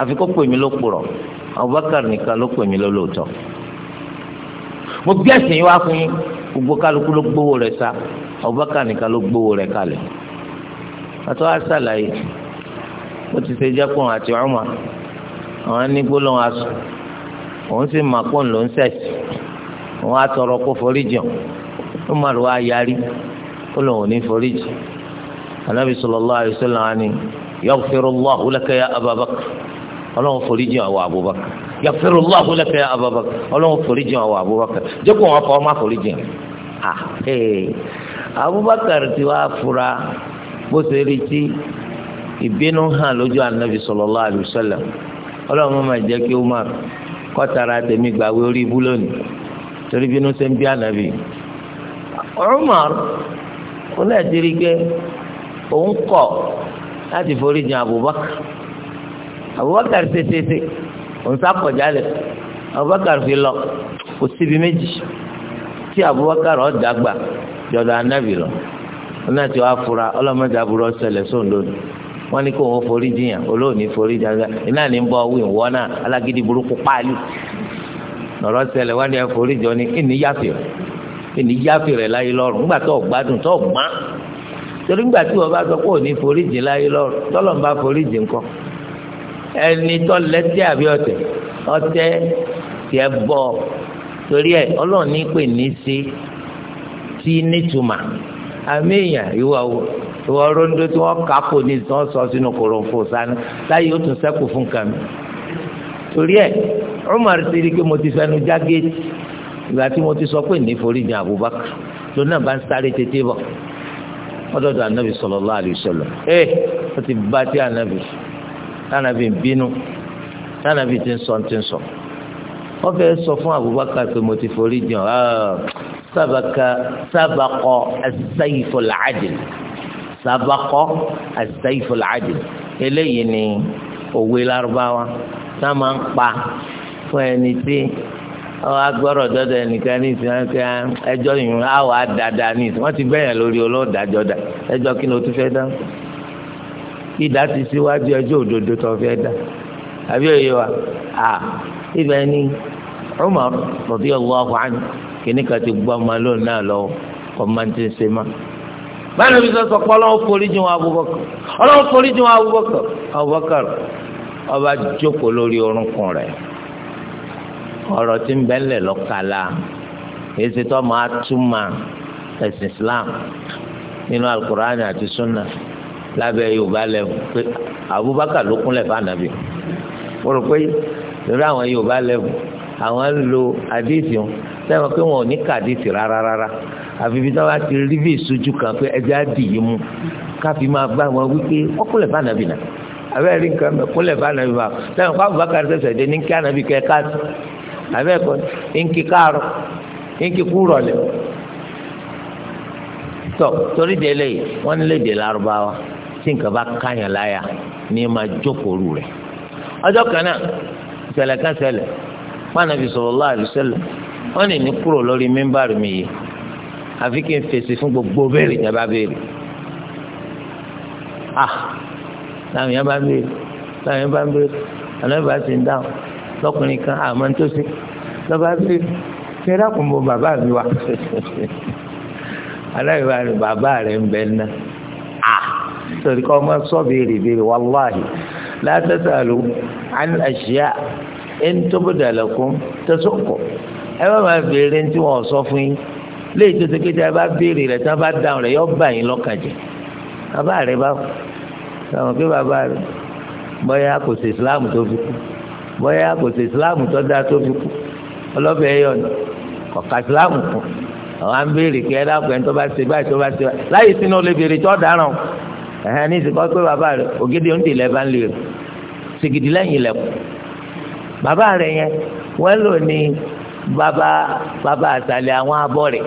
àfi kó pè mí ló purọ́ Abubakar nìkan ló pè mí ló lóòótọ́ mo gbé ẹ̀sìn wá fún yín gbogbo kálukú ló gbowó rẹ̀ sá Abubakar nìkan ló gbowó rẹ̀ kalẹ̀ àtọ́ àṣàlàyé ó ti ṣe jẹ́kùn àti Umar àwọn nígbó lọ́wọ́ aṣọ. òun sì mà pọ̀ ló ń sẹ̀sì òun á tọrọ kó foríjì ó má ó lòun ò ní sallallahu alaihi wasallam ni ya ababakar ọlọ́run foríjì àwọn abubakar yaghfirullahu laka ya ababakar ọlọ́run foríjì àwọn abubakar jẹ́ kó wọn fọ ọmọ foríjì ah ee ti wá fura bó ṣe rí tí ìbínú hàn lójú sallallahu alaihi wasallam máa jẹ́ kí ó kọtara tèmi gbàwé orí ibú lónìí torí bínú ṣe ń bí ànábì. Umar wọn náà ti rí òun kọ̀ láti forí jìn Abubakar Abubakar ṣeṣeṣe òun sàkọ̀jálẹ̀ Abubakar fi lọ kò síbi méjì tí Abubakar ọ̀dàgbà jọ̀dọ̀ ànábì lọ wọn náà ti wá fura ọlọ́mọdé aburú ọ̀sẹ̀ lẹ̀ sóun lónìí. wọ́n ní kó o forí jiyàn olóòní forí jiyàn iná ní bọ́ wí wọ́n náà alágídí burúkú páálí lọ́rọ́ ṣẹlẹ̀ wọ́n ní ẹ forí jọ ní ìní yáfẹ́ ìní láyé nígbà tó gbádùn tó gbọ́n torí nígbà tí bá sọ pé òní forí láyé ń bá forí ẹni àbí torí ní pè ní í tí nítumà ìwọ rondo tí wọ́n kà kò ní tí wọ́n sọ sínú kòròǹfò sani láyé ó tún sẹ́kù fún kan mi torí ẹ̀ Umar ti rí i pé mo ti fẹnu já géètì ìgbà tí mo ti sọ pé ní foríjì Abubakar lónìí náà bá ń sáré tètè bọ̀ ọdọọdọ anabi sallallahu alaihi wasallam ee ó ti bá tí anabi tànàbí ń bínú tànàbí ti ń sọ ti ń sọ wọ́n fẹ́ sọ fún Abubakar pé mo ti foríjì ọ ah, sábàkọ as-sayful sabakọ azayifo làádì eléyìí ni òwe Lárúbáwá tá a máa ń pa fún ẹni tí agbọ́rọ̀ dọ́dọ̀ ẹnìkan ní ìsìn ẹjọ́ yìí á wà á dáadáa ní ìsìn wọ́n ti bẹ̀yàn lórí olóòdájọ́ dà ẹjọ́ kí ni o tún fẹ́ dá ìdá ti síwájú ẹjọ́ òdodo tó fẹ́ dá àbí òye wa à ibẹ̀ ni Umar radiyallahu anhu kìnnìkan ti gbọ́ ọmọ lónìí náà lọ́wọ́ kọ́ máa ń ti ṣe máa. báyìí bí sọ́sọ́ pọ́ ọlọ́run forí wọn Abubakar ọlọ́run forí jìn wọn Abubakar Abubakar ọba jókòó lórí orúnkún rẹ̀ ọ̀rọ̀ tí ń èsì tó máa Islam nínú alukur'an àti sunna lábẹ́ yorùbá lẹ́wọ̀n pé Abubakar ló kúnlẹ̀ fànàbí mo rò pé lórí àwọn yorùbá àwọn lo àdìsí wọn sẹ́wọ̀n pé wọn ò ní kàdìsí àfi ibi tí wọ́n bá ti rí bí ìsojú kan pé ẹja dì í mú káfí máa bá wọn wípé ọkùnrin bá nàbì nà abẹ́ rí nǹkan mẹ́ kúnlẹ̀ bá nàbì bá lẹ́yìn fún Abubakar sẹ̀sẹ̀ dé ní kí ànàbì kẹ́ káàtì abẹ́ kọ́ ní káàrọ̀ ní kú rọ̀lẹ́ tọ́ torí délé wọ́n ní léde lárúbáwá tí nǹkan bá káyàn láyà ní máa jókòó rẹ̀ ọjọ́ kan náà kan ṣẹlẹ̀ pàànàbì sallallahu alaihi wasallam wọ́n ní ní kúrò lórí mímbàrì mi yìí àfi kí n fèsì fún gbogbo béèrè yẹn bá béèrè ah làwọn yẹn bá béèrè làwọn yẹn bá béèrè àná ìbá ti ń dáhùn lọkùnrin kan àmọ́ tó ṣe lọ́ba béèrè ṣe é dákun bo bàbá mi wá aláìwá ni bàbá rẹ̀ ń bẹ ná ah sọ̀rọ̀ kọ́ ọmọ sọ béèrè béèrè wàláhì látàtàlù àn àṣìyá ẹni tó bó dàlẹ́kùn tẹ̀sọ̀kọ̀ ẹ bá máa béèrè tí wọ́n sọ fún yín lé ìtòsí pé tí a bá béèrè rẹ̀ tí a bá dáhùn rẹ̀ yọ bá yín lọ́kàn jẹ́ bàbá rẹ̀ bá sàwọn pé bàbá rẹ̀ bóyá kò sí islam tó fi kú bóyá kò sí islam tó dáa tó fi kú ọlọ́bẹ̀ ẹ̀yọ ni ọ̀ka islam kù àwọn à ń béèrè kí ẹ dákun ẹni tó bá ṣe báyìí tó bá ṣe báyìí láyé sínú olè béèrè tó dáràn ẹ̀hẹ́n ní ìsìnkú pé bàbá rẹ̀ ògidì ń dìlẹ̀ bá ń lè rè sìgìdì lẹ́yìn ilẹ̀kùn bàbá rẹ̀ yẹn wọ́n lò ní bàbá bàbá àtàlẹ̀ àwọn abọ́ rẹ̀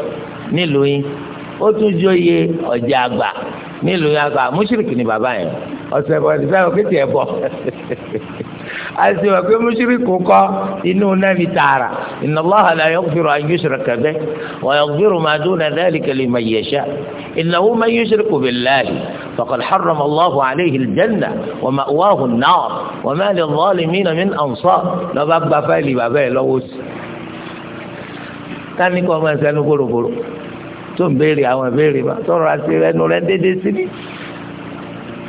nílùú yín ó tún jóye ọ̀jà àgbà nílùú yín àgbà mùsùlùkì ni bàbá yẹn ọ̀sẹ̀ bọ̀ ọ̀sẹ̀ bọ̀ kéde ẹ̀ bọ̀ àti wà pé mùsùlùkì kọ́ inú nàbì tààrà inna Allaha la yaghfiru an yushraka bihi wa yaghfiru ma duna dhalika liman yasha innahu man yushrik billahi faqad harrama Allahu alayhi al-janna wa ma'wahu an-nar wa ma lil-zalimina min ansar lọ́ba gba fáìlì bàbá yẹn lọ́wọ́ tani kọ́ ọmọ ẹ̀sẹ̀ ní gbòrògbòrò tó ń béèrè àwọn ìbéèrè wa sọ̀rọ̀ àti ẹnu rẹ̀ déédéé sí ni.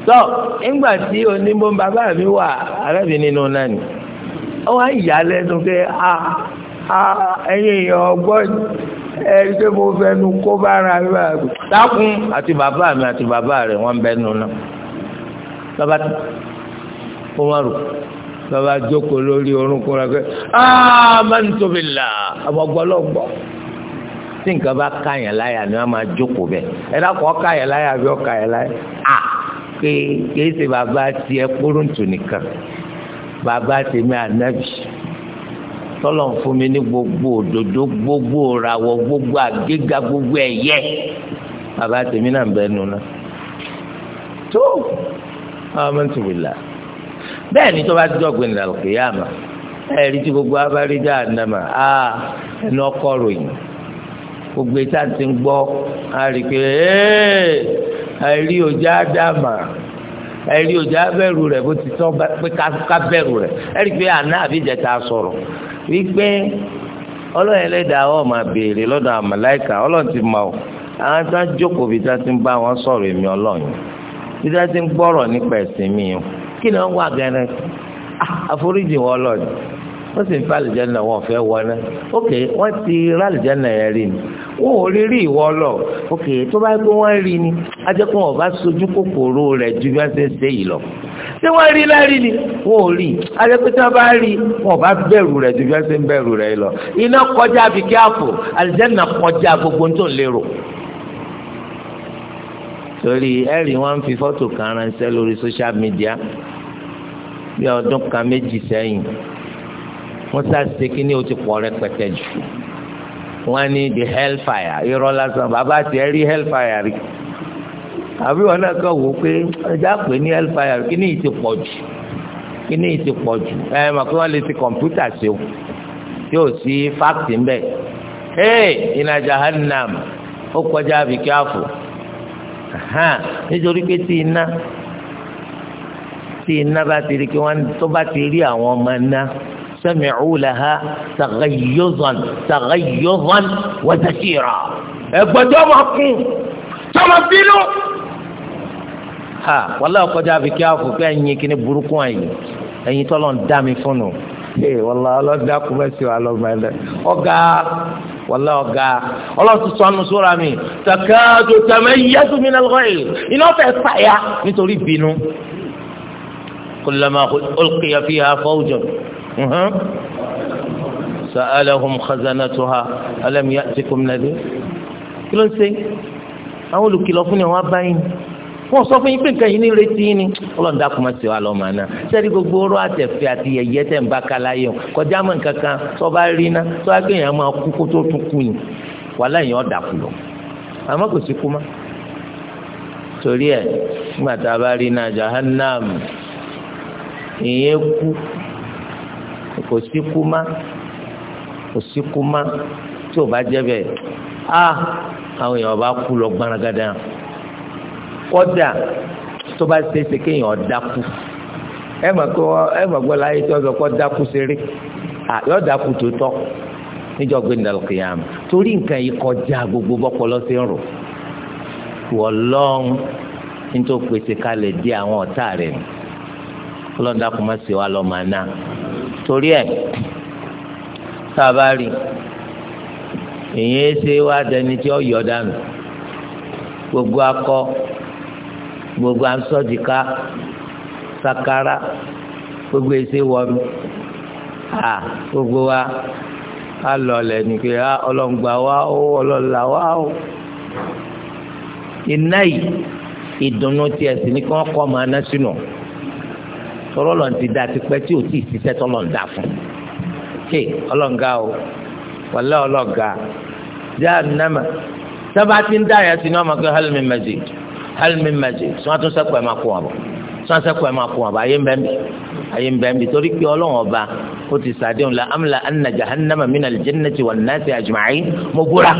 tọ́ nígbà tí onímọ̀ bàbá mi wà arábìnrin nínú náà ni ó wá yà á lẹ́nu pé a a ẹ̀yin èèyàn ọgbọ́n ẹ ṣé mo fẹnu kó bára mi bá dákun àti bàbá mi àti bàbá rẹ̀ wọ́n bẹ́ẹ̀ nù náà lọ́ba tó wọ́n rò lọ́ba jókòó lórí orúnkún rẹ̀ pé amántóbìlà àbọ̀gbọ́lọ́gbọ́ tí nǹkan bá káyàn ni wọ́n máa jókòó bẹ̀ ẹ dákọ̀ káyàn láyà bí wọ́n káyàn láyà à pé kìí ṣe bàbá tiẹ̀ kúrúǹtù nìkan bàbá tèmi ànábì tọ́lọ̀ ń fún mi ní gbogbo òdòdó gbogbo ràwọ̀ gbogbo àgéga gbogbo ẹ̀yẹ bàbá tèmi náà bẹ́ẹ̀ nù náà tó amántóbìlà. bẹ́ẹ̀ ni tó bá ti jọ gbìn lálùkè yá mà ẹ̀rí tí gbogbo abáríjà ànàmà á ẹnu ọkọ ròyìn gbogbo ìta ti ń gbọ́ á rí i pé ẹ̀rí òjá dàmà ẹ̀rí òjá bẹ̀rù rẹ̀ bó ti tọ́ pé ká bẹ̀rù rẹ̀ ẹ̀rí pé àná àbíjẹta sọ̀rọ̀ wípé ọlọ́run ẹlẹ́dàá ọ̀ máa béèrè lọ́dọ̀ àmàláìkà ọlọ́run ti ma ọ́ àwọn tó ń jókòó bí ti ń bá wọn sọ̀rọ̀ èmi ọlọ́run ti ń gbọ́rọ̀ nípa ẹ̀sìn mi kí ni wọ́n wà gánà ah, àforíjì wọn lọ ni wọ́n sì ń fẹ́ àlìjáná wọn fẹ́ wọ náà ok wọ́n ti rà àlìjáná yẹn rí ni wọn ò rí rí ìwọ lọ ok tó bá gbé wọn rí ni ajẹ́kùn ọ̀bá sojú kòkòrò rẹ̀ ju bí wọ́n ṣe ń ṣe yìí lọ tí wọ́n rí lárí ni wọn ò rí ajẹ́pẹ́ tí wọ́n bá rí wọn ò bá bẹ̀rù rẹ̀ ju bí wọ́n ṣe ń bẹ̀rù rẹ̀ lọ iná kọjá àbíkẹ́ àpò àlìjáná kọjá gbogbo tó lérò torí ẹ̀rí wọn ń fi fọ́tò kan ránṣẹ́ lórí social media bí ọdún kan méjì sẹ́yìn wọ́n ṣàṣìṣe kí ni o ti pọ̀ rẹpẹtẹ jù wọ́n ní the hellfire irọ́ lásán bàbá tiẹ̀ rí hellfire rí àbí wọn náà kàn wò pé ẹja pè ní hellfire kí ni yìí ti pọ̀ jù kí ni yìí ti pọ̀ jù ẹ mọ̀ pé wọ́n lè ti kọ̀ǹpútà sí o yóò sí fáàkì ń bẹ̀ ẹ ìnàjà hannam ó kọjá àbíkí àfọ̀ nítorí pé tí iná tí iná bá ti rí kí wọ́n tó bá ti rí àwọn ọmọ iná sami'u laha taghayyuzan taghayyuzan wa zafira ẹgbẹ́jọ́ máa kún tọ́mọ bínú. wàlá ọkọjá àfi kí a fò pé ẹ̀yin kí ni burúkú ẹ̀yin ẹ̀yin tọ́lọ́ ń dá mi fún un. wàlá ọlọ́dún akúmẹ́sì wà lọ́gbà ẹ̀ ọ̀gá wàlá ọ̀gá ọlọ́run sọ ọ́nù sóra mi takadu tamayyazu minal ghayr iná fẹ́ fàyà nítorí bínú kullama ulqiya fiha fawjun sa'alahum khazanatuha alam ya'tikum nadhir kí ló ń àwọn olùkìlọ̀ fún ni wọ́n bá wọ́n sọ fún yín pé nǹkan yìí ní retí ni ọlọ́run dákun má ti wá sẹ́ni gbogbo ọ̀rọ̀ àtẹ̀fẹ́ àti yẹ̀yẹ́ tẹ̀ ń bá kalayọ̀ kọjá mọ́ nǹkan kan tó bá rí iná tó bá gbìyànjú máa kú kó tó tún kú ọ̀dà kù torí a bá rí iná jahannam ìyẹn kú kọ́dà tó bá ṣe é ṣe kéèyàn dákú ẹ mọ̀ kó ẹ mọ̀ gbọ́ láyé tí wọ́n sọ kó dákú ṣeré yóò dákú tó tọ́ níjọ́ gbé nílò kìyàmù torí nǹkan yìí kọjá gbogbo bọ́pọ̀lọ́ sí ń rò wọ́lọ́n nítorí pèsè kalẹ̀ di àwọn ọ̀tá rẹ̀ ni ọlọ́dà kò má ṣe wá lọ́ màá ná torí ẹ̀ tá a bá rí èyí ṣe wá dẹni tí ó yọ dànù gbogbo akọ gbogbo asọ́jìká sakara gbogbo ẹsẹ̀ wọmi a gbogbo wa alọ̀lẹ̀ nìkẹ́ a ọlọ́ngbà wa ó ọlọ́là wa ó iná yìí ìdùnnú tiẹ̀ sì ni kí wọ́n kọ́ máa ná sínú tọ́lọ́ lọ́n ti da tipẹ́ tí ò tí ì ṣiṣẹ́ tọ́lọ́ ń o wàlẹ́ ọlọ́ǹga jáà nàmà sábà ti ń dá yẹn sí ni wọ́n máa kọ́ helmi magic sọ wọn tún sẹkọ ẹ máa kó wọn bọ sọ wọn sẹkọ ẹ máa kó wọn bọ ayé ń bẹ ń bì ayé ń bẹ ń bì torí pé Ọlọ́run ọba ó ti sàdéhùn la amla anna jahannama minal jannati wan nasi ajma'in mo búra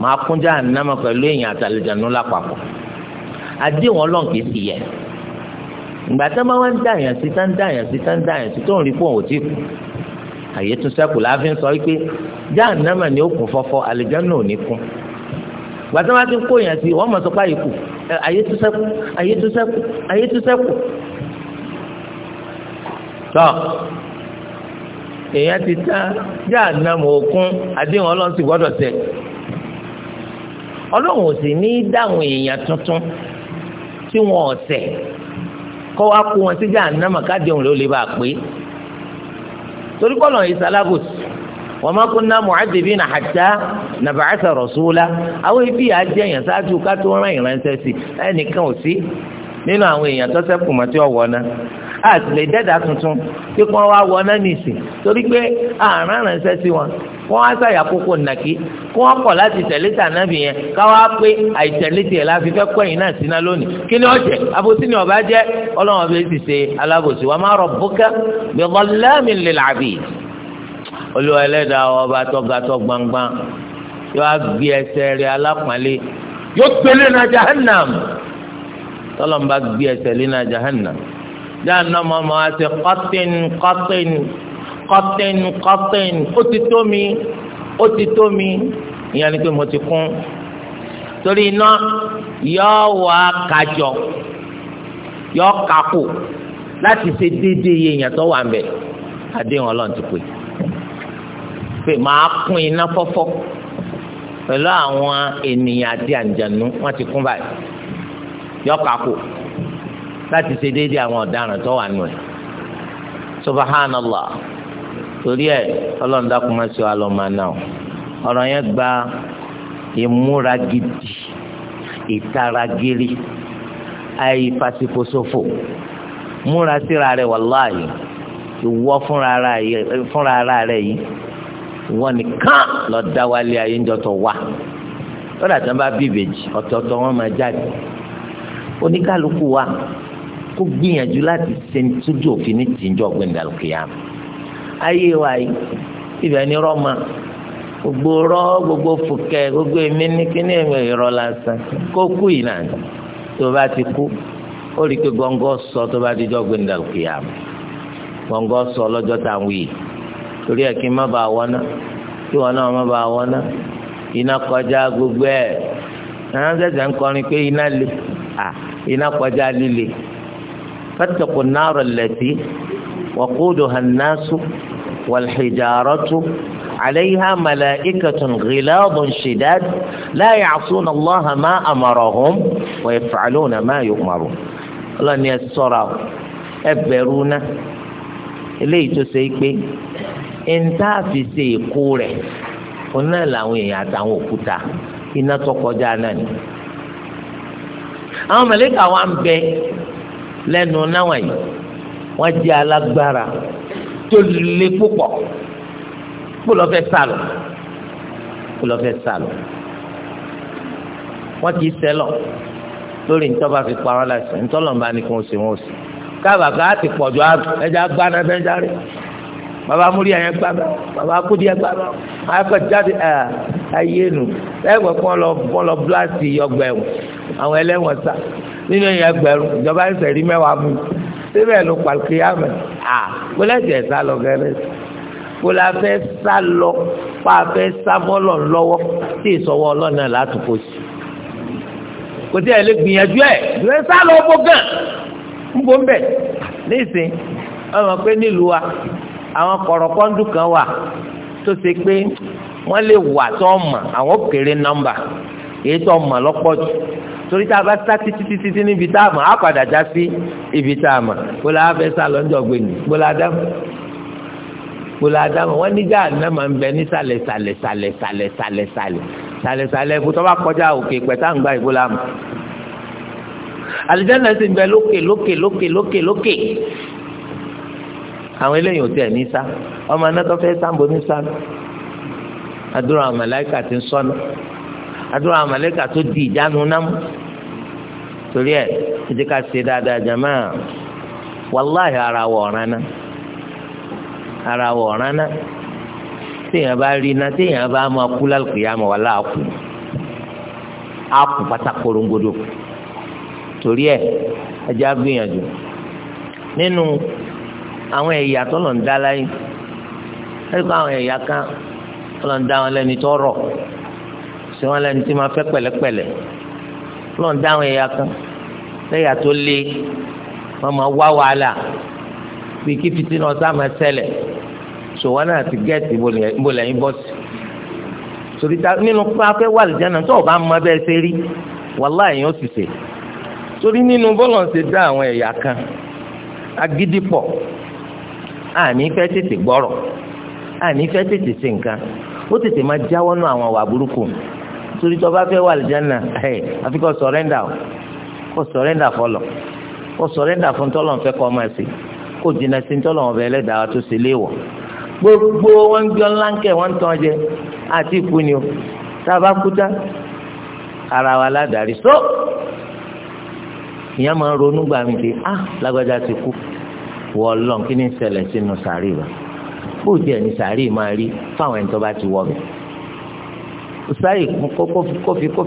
máa kún jahannama pẹ̀lú èèyàn àtàlejànú lápapọ̀ àdéhùn Ọlọ́run kì í sì yẹ ìgbà tá máa wá ń dàyàn sí tá ń dàyàn sí tá ń dàyàn sí tó ń rí fún òun ò tí kù àyè tún sẹ́kù láàfin sọ wípé jahannama ni ó kún fọ́fọ́ àlejànú ò ní kún gbàtà wá ti ń kó èèyàn sí wọ́n mọ̀ sọ pé àyè kù ayé tún sẹ́kù ayé tún sẹ́kù ayé tún sẹ́kù tọ́ èèyàn ti tán jáà nà mọ̀ òkun àdéhùn ọlọ́run sì gbọ́dọ̀ tẹ̀ ọlọ́run ò sì ní dáhùn èèyàn tuntun tí wọn ò ṣẹ̀ kọ́ wá kó wọn sí jáà nà mọ̀ ló lè bá a pé torí kọ́ lọ́n yìí sálábòsì wa ma kunna mu'adhibina hatta nab'atha rasula àwọn ibi yà á jẹ́ èèyàn ṣáájú ká tó rán ìránṣẹ́ sí ẹnìkan ò sí nínú àwọn èèyàn tó ṣẹ́kù mọ́ tí ó wọ̀ náà àti lè dẹ́dà tuntun tí wọ́n wá wọ náà nìsín torí pé àrùn aránṣẹ́ sí wọn wọ́n á sàyà kókó nàkí kí wọ́n kọ̀ láti tẹ̀lé tànàbì yẹn káwá pé àìtẹ̀lé tiẹ̀ la fi fẹ́ kọ́yìn náà síná lónìí kí ni ọ̀jẹ̀ àbòsí ni ọba jẹ́ ọlọ́run ọba ti ṣe alábòsí wa ma rabbuka bi dhallamin lil abid olúwa ẹlẹ́dàá ọba tọ́gatọ́ gbangba yóò á gbé ẹsẹ̀ rẹ̀ alápọ̀nlé yóò gbélé na jahannam tọ́lọ́mùbá gbé ẹsẹ̀ lé na jahannam jahannam ọmọ wa ṣe kọ́tìn kọ́tìn kọ́tìn kọ́tìn ó ti tó mi ó ti tó mi ìyẹn ni pé mo ti kún torí iná yóò wá kájọ yóò kakò láti ṣe déédéé yẹn tó wà ń bẹ àdéhùn ọlọ́run ti pè é pé màá kún iná fọ́fọ́ pẹ̀lú àwọn ènìyàn àti àǹjànú wọ́n ti kún báyìí yọkàkó láti ṣe déédéé àwọn ọ̀daràn tó wà nù ẹ̀ subhanallah torí ẹ̀ ọlọ́run dákun máa ṣe àlọ́ máa nà ọ́ ọ̀rọ̀ yẹn gba ìmúra gidi ìtara gírí àìfàsìkòsòfò múra síra rẹ̀ wàláàyè ìwọ fúnra ara yìí wọn nìkan lọ dá wálé ayé ń jọtọ̀ wá lọ́dà tí wọ́n bá bí ìbejì ọ̀tọ̀ọ̀tọ̀ wọn máa jáde oníkálukú wa kó gbìyànjú láti ṣe tójú òfin ní tìjọ gbẹndàlùkìyà ayé wa yìí ibẹ̀ ni rọ́ọ̀mà gbogbo rọ́ gbogbo fòkẹ́ gbogbo èmi ní kíní ẹ̀mí ìrọ̀ lásán kó kú yìí náà tó bá ti kú ó rí i pé gbọ́ngàn sọ tó bá ti jọ gbẹndàlùkìyà gbọ́ngàn sọ lọ́jọ́ tá à ń wí yìí torí ẹ̀ kí n má bàa wọná kí wọn náà má bàa wọná iná kọjá gbogbo ẹ̀ náà sẹ̀sẹ̀ ń kọrin pé iná le à iná kọjá líle fẹ́tọ̀kù náírà lẹ́tí wàkúdù hànásù wàlhìjàrọ́tù. عليها ملائكة غلاظ شداد لا يعصون الله ما أمرهم ويفعلون ما يؤمرون الله أن يسرعوا ẹbẹrúná eléyìí ẹ̀ńtà fi ṣe Ona rẹ̀ òun náà làwọn èèyàn àtàwọn òkúta iná tó kọjá náà ni. àwọn mẹ̀lẹ́kà wa ń bẹ lẹ́nu náwà yìí wọ́n jẹ́ alágbára tó le púpọ̀ kó lọ́ fẹ́ sálọ kó lọ́ fẹ́ sálọ wọ́n ti sẹ́lọ̀ lórí ntọ́ba fi parọ́ láti ntọ́lọ́mba ni kò sí wọn sí káàbà ká ti pọ̀jù ẹja gbaná bẹ́ẹ̀ járe bàbá múrí àyàn gbà bá bàbá kúdí ẹgbà bá akọ̀jáde ayé nu ẹgbẹ́ kọ́ lọ bọ́ lọ bíláàsì ọgbà ẹ̀wọ̀n àwọn ẹlẹ́wọ̀n sá nínú ẹ̀yà ẹgbẹ̀rún ìjọba ẹsẹ̀ rí mẹ́wàá fún síbẹ̀ ló pàlùkì yàmẹ̀ à kólẹ́jì ẹ̀ sá lọ gẹ́rẹ́ kólẹ́ afẹ́ sá lọ pa afẹ́ sá bọ́lọ̀ lọ́wọ́ tí ìsọwọ́ ọlọ́nà látòkò sí kò tí ẹ lè gbìyànjú ẹ lè sá lọ ń bọ́ ń bẹ̀ nísìn ọmọ pé nílùú wa àwọn kọ̀rọ̀kọ́ndù kan wà tó ṣe pé wọ́n lè wà tó mọ̀ àwọn kéré nọ́mbà èyí tó mọ̀ lọ́pọ̀ jù torí tá a bá sá títí títí tí níbi tá a mọ̀ á padà já sí ibi tá a mọ̀ bólá fẹ́ sá lọ́jọ́ gbẹ̀yìn bólá dá bólá dá mọ̀ wọ́n níjà náà máa ń bẹ ní sàlẹ̀ sàlẹ̀ sàlẹ̀ sàlẹ̀ sàlẹ̀ sàlẹ̀ sàlẹ̀ sàlẹ̀ kó bá kọjá òkè pẹ̀tà ń gba ìbólá mọ̀ àlùjáde náà sì ń bẹ lókè lókè lókè lókè lókè àwọn eléyìí ò tiẹ̀ ní sá ọmọ anátọ́ fẹ́ sáǹbó ní sá àdúrà àwọn màláíkà ti ń sọ́nà àdúrà àwọn tó di ìjánu námú torí ẹ̀ títí ká ṣe dáadáa jàmá wàláhì ara wọ̀ ọ̀ràn ara wọ̀ ọ̀ràn téèyàn bá rí iná téèyàn bá àwọn ẹ̀yà tó lọ ń dá láyé ẹ̀ríkọ́ àwọn ẹ̀yà kan tó lọ ń dá wọn lẹ́ni tó rọ̀ sí wọn lẹ́ni tí máa fẹ́ pẹ̀lẹ́pẹ̀lẹ́ tó lọ ń dá àwọn ẹ̀yà kan lẹ́yà tó le wọn máa wá wàhálà bí kí fitinà ọ̀sán máa náà ti gẹ́ẹ̀tì nínú wà lìjánà tó o bá mọ abẹ́ ṣe rí wàhálà èèyàn sì ṣe torí nínú bọ́lọ̀ ṣe dá àwọn ẹ̀yà kan agídí pọ̀ àní fẹ́ tètè gbọ́rọ̀ àní fẹ́ tètè ṣe nǹkan ó tètè máa jáwọ́ nù àwọn wà burúkú torí tó bá fẹ́ wà lìjánà ẹ̀ àfi kó sọ̀rẹ́ndà o kó sọ̀rẹ́ndà fọlọ̀ kó sọ̀rẹ́ndà fún tọ́lọ̀ ń fẹ́ kọ́ ọmọ ẹ̀sìn kó jìnnà sí tọ́lọ̀ ọ̀bẹ ẹlẹ́dàá tó ṣe léèwọ̀ gbogbo wọn gbé ọ̀nláńkẹ́ wọn tán jẹ àti ikú ni o tá a bá kú ara wa ládàrí so ìyá máa ń ronú gbàmìtì ah lágbájá ti kú wọ lọ́n kí ni ṣẹlẹ̀ sínú sàárì rẹ̀ bó tiẹ̀ ní sàárì máa rí fáwọn ẹni tó bá ti wọ bẹ̀. sáyì kó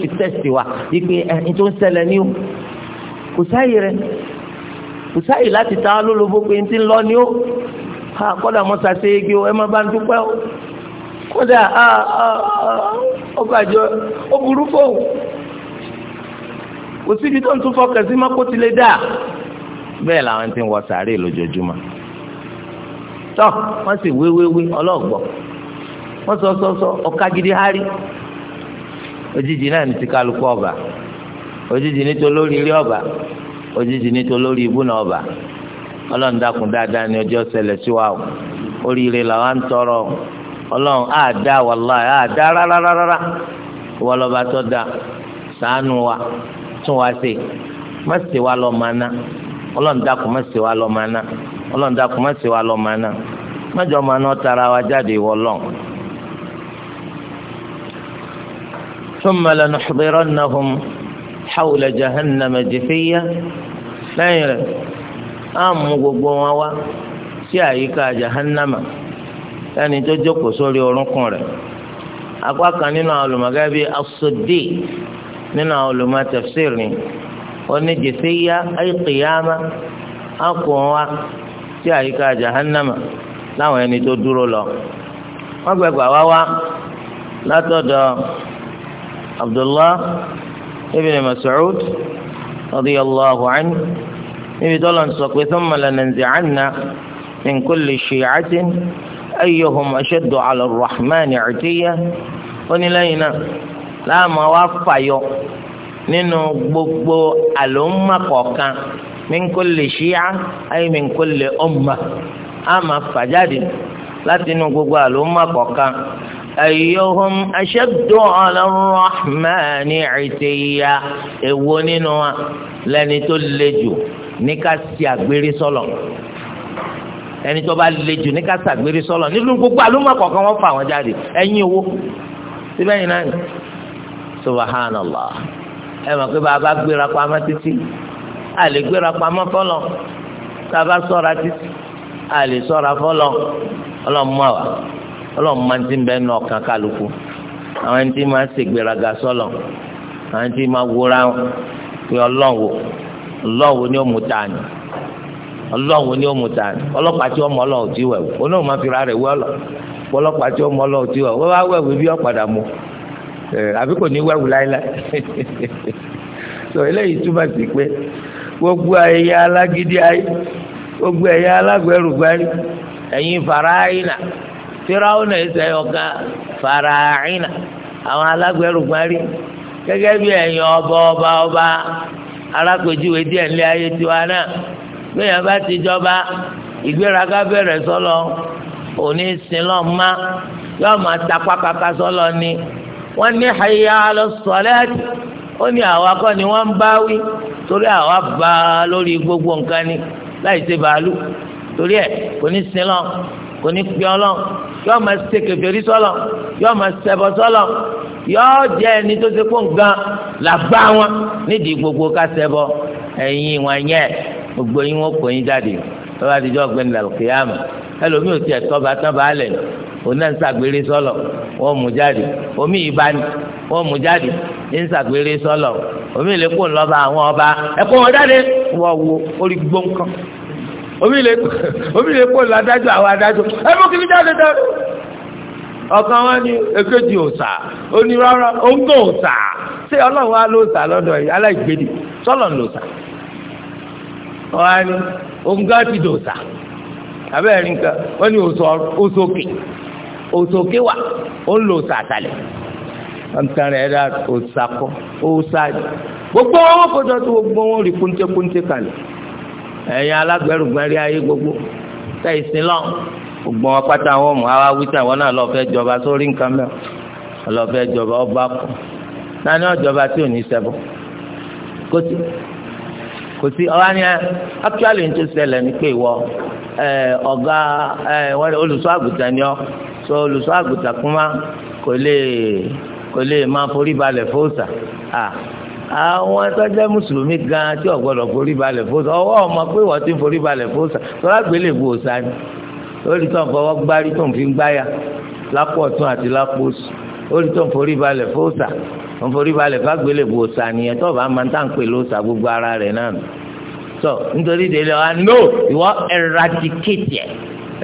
fi tẹ́sì wa wípé ẹni eh, tó ń ṣẹlẹ̀ ní o kò sáyì rẹ̀ kò sáyì láti ta á lólobó pé ti ń lọ ní o kọ́dà mọ́ta ṣe é o ẹ má bá ń dúpẹ́ o kódà ọbàjọ́ ó burú fóun kò síbi tó ń tún fọkàn sí mọ́kó ti lè dáa. bẹ́ẹ̀ làwọn ti ń wọ sàárè lójoojúmọ́ tọ wọ́n sì wéwéwé ọlọ́gbọ́ wọ́n sọ sọ ọ̀ka gidi hárí òjijì náà ní ọba òjijì ní tó lórí ọba òjijì ní tó lórí ibú ọba dáadáa ọjọ́ sí wa oríire ń tọrọ ọlọ́run wàlá rárárárá tó wa tún wa wa lọ́ọ́ ọlọ́run dákun má ṣe wá lọ́mọ aná ọlọ́run dákun má ṣe wá lọ́mọ aná mẹ́jọ máa ná tara wa jáde ìwọ lọ́n. ثم لنحضرنهم حول جهنم جثيا lẹ́yìn rẹ̀ á mú gbogbo wọn wá sí àyíká jahannama lẹ́ni tó jókòó sórí orúnkún rẹ̀ apá kan nínú àwọn olùmọ̀gá bíi asodi nínú àwọn olùmọ̀ tafsir ni oníjìsíyá ayíkìyámá akùnrin wa sí àyíká jahannama láwọn ẹni tó dúró lọ wọn gbẹgbà wá wá látọ̀dọ̀ abdullah ibn mas'ud radiyallahu anhu níbi tó lọ sọ pé thumma lananzi'anna min kulli shi'atin ayyuhum ashaddu 'ala ar-rahmani 'atiyya náà láàmú wa fàyọ. nínú gbogbo àlòmà kọ̀ọ̀kan min kulli ṣíà ay min kulli umma á máa fà láti inú gbogbo rahmani itiya èwo nínú wa lẹ́ni tó le jù ní ká ti àgbèrè sọlọ ẹni tó bá le jù ní ká sọlọ nínú gbogbo àlòmà kọ̀ọ̀kan wọ́n fà wọ́n jáde ẹ̀yin síbẹ̀ yìí náà ẹ mọ̀ pé bàbá gbéra pamọ́ títí a lè gbéra pamọ́ fọlọ́ bàbá sọ̀ra títí a lè sọ̀ra fọlọ́ ọlọ́mọ àwà ọlọ́mọ máa ń ti bẹ́ẹ̀ nù ọ̀kan kálukú àwọn ẹni tí máa ń ṣègbéraga sọ̀lọ̀ àwọn ẹni tí máa wúra pé ọlọ́wọ́ ọlọ́wọ́ ni ó mú ta ni ọlọ́wọ́ ni ó mú ta ni ọlọ́pàá tí ó àbí kò ní wẹ́wù láíláí sọ eléyìí túmọ̀ sí pé gbogbo ẹ̀yà alágídí ayé gbogbo ẹ̀yà alágbẹ̀rùgbẹ́rì ẹ̀yin faraayina firawuna ẹsẹ̀ ọ̀gá faraayina àwọn alágbẹ̀rùgbẹ́rì gẹ́gẹ́ bí ẹ̀yin ọba ọba ọba alákòjúwe díẹ̀ ayé tiwa náà bá ti jọba ìgbéraga bẹ̀rẹ̀ sọlọ òní yọ̀ọ́ máa ta sọlọ ni. wọ́n ní hayya ala salat ó ní àwa kọ́ ni wọ́n ń bá wí torí àwa bá a lórí gbogbo nǹkan ni láì ṣe bàálù torí ẹ̀ kò ní sin lọ kò ní pín ọlọ yóò máa ṣe kẹfẹrí sọlọ yóò máa ṣẹbọ sọlọ yóò jẹ ẹni tó ṣe kó nǹkan là bá wọn nídìí gbogbo ká ṣẹbọ ẹ̀yin wọn yẹ gbogbo yín wọn kò yín jáde lọ́wọ́ àtijọ́ ọ̀gbẹ́ni làlùkìyàmù ẹlòmíì ò tiẹ̀ tọ́ bàtà bàálẹ̀ ni. òun na ń sọlọ wọn mú jáde omi yìí bá ní wọn mú jáde sọlọ omi lè kó ọba ẹkọ wọn jáde wọn wo orí gbóǹkan omi lè omi kó àwọn jáde ọkàn wọn ni èkejì òòsà onírọ́rọ́ ońgò òòsà ṣé ọlọ́run wa ló òòsà lọ́dọ̀ yìí aláìgbèdè òòsà òsòkè wa! ó ń lo òsà àtàlẹ̀ ọ̀ntàn òsà kọ òsà gbogbo wọn kọjọ tó gbogbo wọn rí kúńtékúńté kalẹ̀ ẹ̀yin alágbẹ̀rùgbẹ̀rí ayé gbogbo tẹ̀yìn sílọ̀ gbogbo wọn pátá wọn mú àwa wọn náà lọ́ọ́ fẹ́ jọba sórí nǹkan mẹ́ọ̀ fẹ́ jọba ọba kọ náà ní ọ̀jọba tí ò ní sẹ́bọ̀ sí kò sí ni actually ń ní pé ìwọ ọ̀gá àgùntàn sọ olùṣọ́ àgùntàn kún wa kò lè kò lè máa forí balẹ̀ fóòsà àwọn ẹtọ́jẹ́ mùsùlùmí gan tí ò gbọ́dọ̀ forí balẹ̀ fóòsà ọwọ́ ọmọ pé wọ́n ti forí balẹ̀ fóòsà tọ́lá gbélé wo òsà ni lórí tó ń fọwọ́ gbárí tó ń fi gbáyà lápò ọ̀tún àti lápò òsì lórí tó ń forí balẹ̀ fóòsà ń forí balẹ̀ fágbélé wo òsà nìyẹn tó bá máa ń tà ń pè lóòsà gbogbo ara rẹ̀ náà tọ́ nítorí délé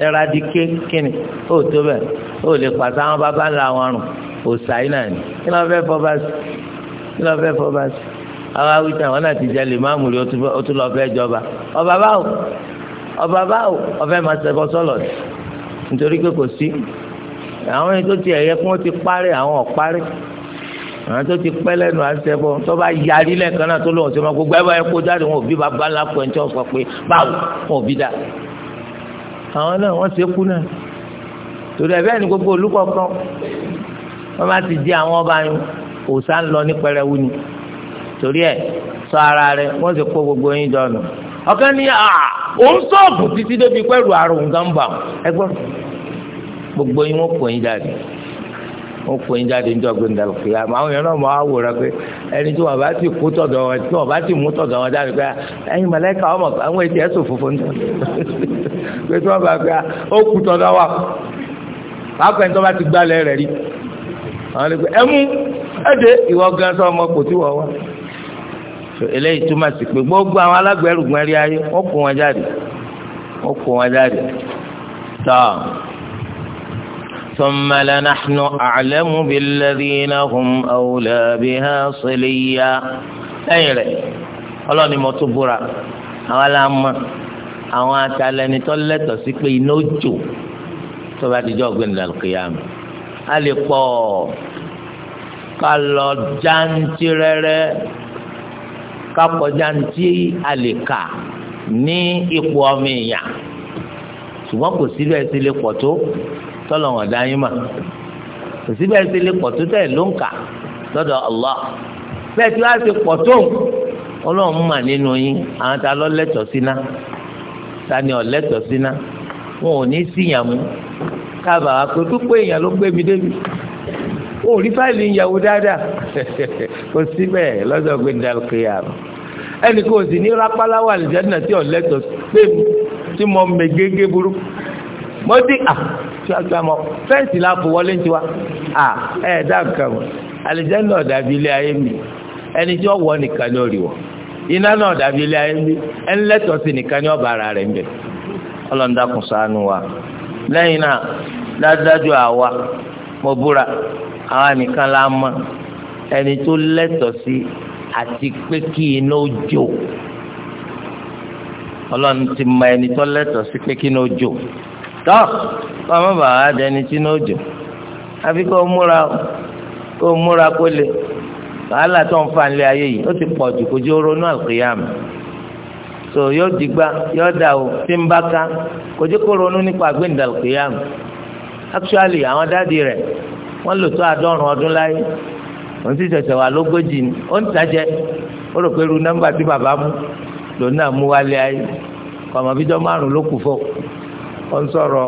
ẹ̀radíkè kíni ó tó bẹ̀ ó lè pàṣẹ àwọn bàbá ńlá wọn rùn òòsà yìí náà ni kí ló fẹ́ fọ́ bá sí kí ló fẹ́ fọ́ bá sí àwọn awítàn wọn náà ti jẹ lè máàmù rí ó tún lọ fẹ́ jọba ọba báwo ọba báwo ọfẹ́ máa ṣẹbọ sọ́lọ̀ nítorí pé kò sí àwọn ẹni tó ti ẹ̀yẹ kí wọ́n ti parí àwọn ọ̀parí àwọn tó ti pẹ́ lẹ́nu àṣẹbọ tó bá yarí lẹ́ẹ̀kan náà tó lóun ṣe máa gbogbo ẹ̀ bá yẹ kó jáde wọn òbí bàbá ńlá pẹ̀ntì ọ̀pọ̀ pé báwo wọn òbí dáa. àwọn náà wọ́n ṣe kú náà torí ẹ̀ ni gbogbo olúkọ̀ọ̀kan wọ́n bá ti di àwọn ọba yín lọ ní pẹrẹwu ni torí ẹ̀ sọ ara rẹ wọ́n sì kó gbogbo yín dọ̀nù ọ̀kan ní à òun sọ̀bù títí débi pẹ̀lú àrùn ẹgbọ́n gbogbo yín wọ́n kò yín jáde wọ́n kò yín jáde níjọ́ gbé àwọn èèyàn náà máa wò rẹ pé ẹni tí wọ́n bá ti kú tọ̀dọ̀ wọn tí wọ́n bá ti mú tọ̀dọ̀ wọn jáde pé mọ̀lẹ́kà ọmọ àwọn pé tí wọ́n bá gbé ó kú tọ́dọ̀ wà pàápàá ẹni tó bá ti gbálẹ̀ rẹ̀ rí àwọn ẹni pé ẹ mú ẹdẹ ìwọ gan sọ ọmọ kò tí wọ́n wá eléyìí túmọ̀ sí pé gbogbo àwọn alágbẹ̀rùgbọ̀n rí ayé wọ́n kó wọn jáde wọ́n kó wọn jáde tọ́ ثم لنحن أعلم بالذين هم rẹ̀ ọlọ́ni mo búra àwọn aláàmọ́ àwọn atalẹni tó lẹ́tọ̀ọ́ sí pé iná jò tó bá dijọ́ ọ̀gbìn làlùkìyàmù a lè pọ̀ ká lọ jáǹtí rẹ́rẹ́ ká pọ̀ jáǹtí a lè kà ní ipò ọmọ èèyàn ṣùgbọ́n kò síbẹ̀ sí lè pọ̀ tó tọ́lọ̀wọ̀n dáyé mà kò síbẹ̀ sí lè pọ̀ tó tẹ̀ ló ń kà lọ́dọ̀ Allah bẹ́ẹ̀ tí wàá ti pọ̀ tó ọlọ́run mà nínú yín àwọn ta lọ lẹ́tọ̀ọ́ sí náà tani ọ̀lẹ́tọ̀ síná wọn ò ní síyàn mú kábàá wa pé pípé èèyàn ló gbé mi débi ò rí fáìlì ìyàwó dáadáa kò sí bẹ́ẹ̀ lọ́dọ̀ gbé dàlùkìyà ẹnì kò sì ní rápálá wà lè jẹ́nà tí ọ̀lẹ́tọ̀ pé mi tí mo mẹ gégé burú mo dí à tí fẹ́ǹsì la fò wọlé tiwa à ẹ̀ dá nǹkan mọ́ náà dàbí ilé ayé mi ẹni tí wọ́n wọ nìkan ní orí wọn iná náà dàbí ilé ayé bí ẹnlẹ́tọ̀ọ́ sí nìkan ní ọba ara rẹ̀ ń bẹ̀ ọlọ́ndàkùn ṣàánú wa lẹ́yìn náà dájúdájú àwa mo búra àwa nìkan la mọ ẹni tó lẹ́tọ̀ọ́ sí àti pé kí iná ó jó ọlọ́run ti mọ ẹni tó lẹ́tọ̀ọ́ sí pé kí iná ó jó tọ́ ọmọ bàbá dẹni tí iná ó jó àfi kó múra kó múra kó le. wàhálà tó ń fa nílé ayé yìí ó ti pọ̀ jù ronú so yóò dìgbà yóò dà o tí ń bá ká kó actually àwọn dáàdi rẹ̀ wọ́n lò tó àádọ́rùn ọdún láyé òun sì ṣẹ̀ṣẹ̀ wà lógójì ni ó ń tajẹ́ ó rò pé irú nọ́mbà tí bàbá mú lòun náà mú wálé ayé márùn ló kù ó ń sọ̀rọ̀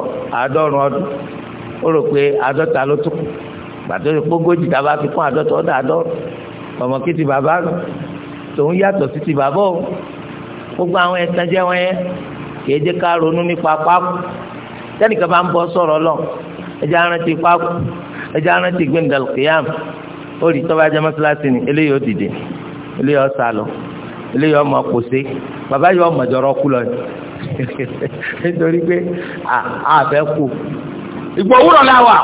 a bá ọmọ kí ti bàbá tòun yàtọ̀ sí ti bàbá o gbogbo àwọn ẹ̀sán jẹ́ wọ́n yẹn kìí jẹ́ ká ronú nípa pákó tẹ́nìkan bá ń bọ́ sọ̀rọ̀ lọ ẹjẹ́ arántí pákó ẹjẹ́ arántí gbẹ̀ndàlùkìyàm ó rí tọ́ba jẹ́ mọ́sálásí ni eléyìí ó dìde eléyìí ó sálọ eléyìí ó mọ kòsé bàbá yìí ó mọ jọrọ kú lọ nítorí pé àfẹ́ kú ìgbà òwúrọ̀ la wà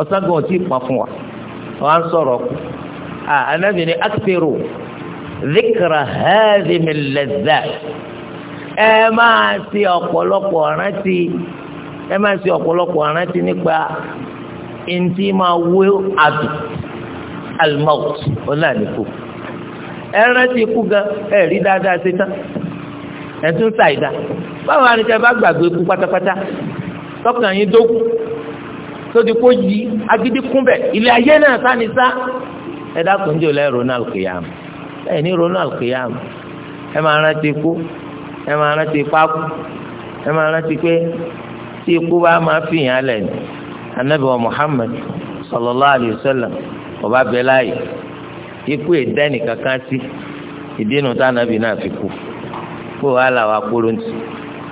ọ̀sán gan ò tí ì pọ̀ fún wa wọ́n á sọ̀rọ̀ kú anabi ni akiru zikra hadhimi ladzat ẹ máa ṣe ọ̀pọ̀lọpọ̀ rántí ẹ máa ṣe ọ̀pọ̀lọpọ̀ rántí nípa ntí máa wó adùn almout onáàlíkù ẹ rántí ikú gan ẹ rí dáadáa ṣe tán ẹ tún ṣàìdá báwo ni tẹ bá gbàgbé ikú pátápátá tọkàn yín dókú tó di kó yí agídí kúnbẹ ilé ayé náà sáni sá ẹ dákun jò lẹ́ ronald kìyàm ẹ ní ronald kìyàm ẹ máa rántí kú ẹ máa rántí pákú ẹ máa rántí pé tí ikú bá máa fi yàn lẹ̀ ní anabi wa muhammed sallallahu alayhi wa sallam ọba bẹ láàyè ikú ìdẹ́nì kankan sí ìdínú tá anabi náà fi kú kó wàhálà wa kúrò ní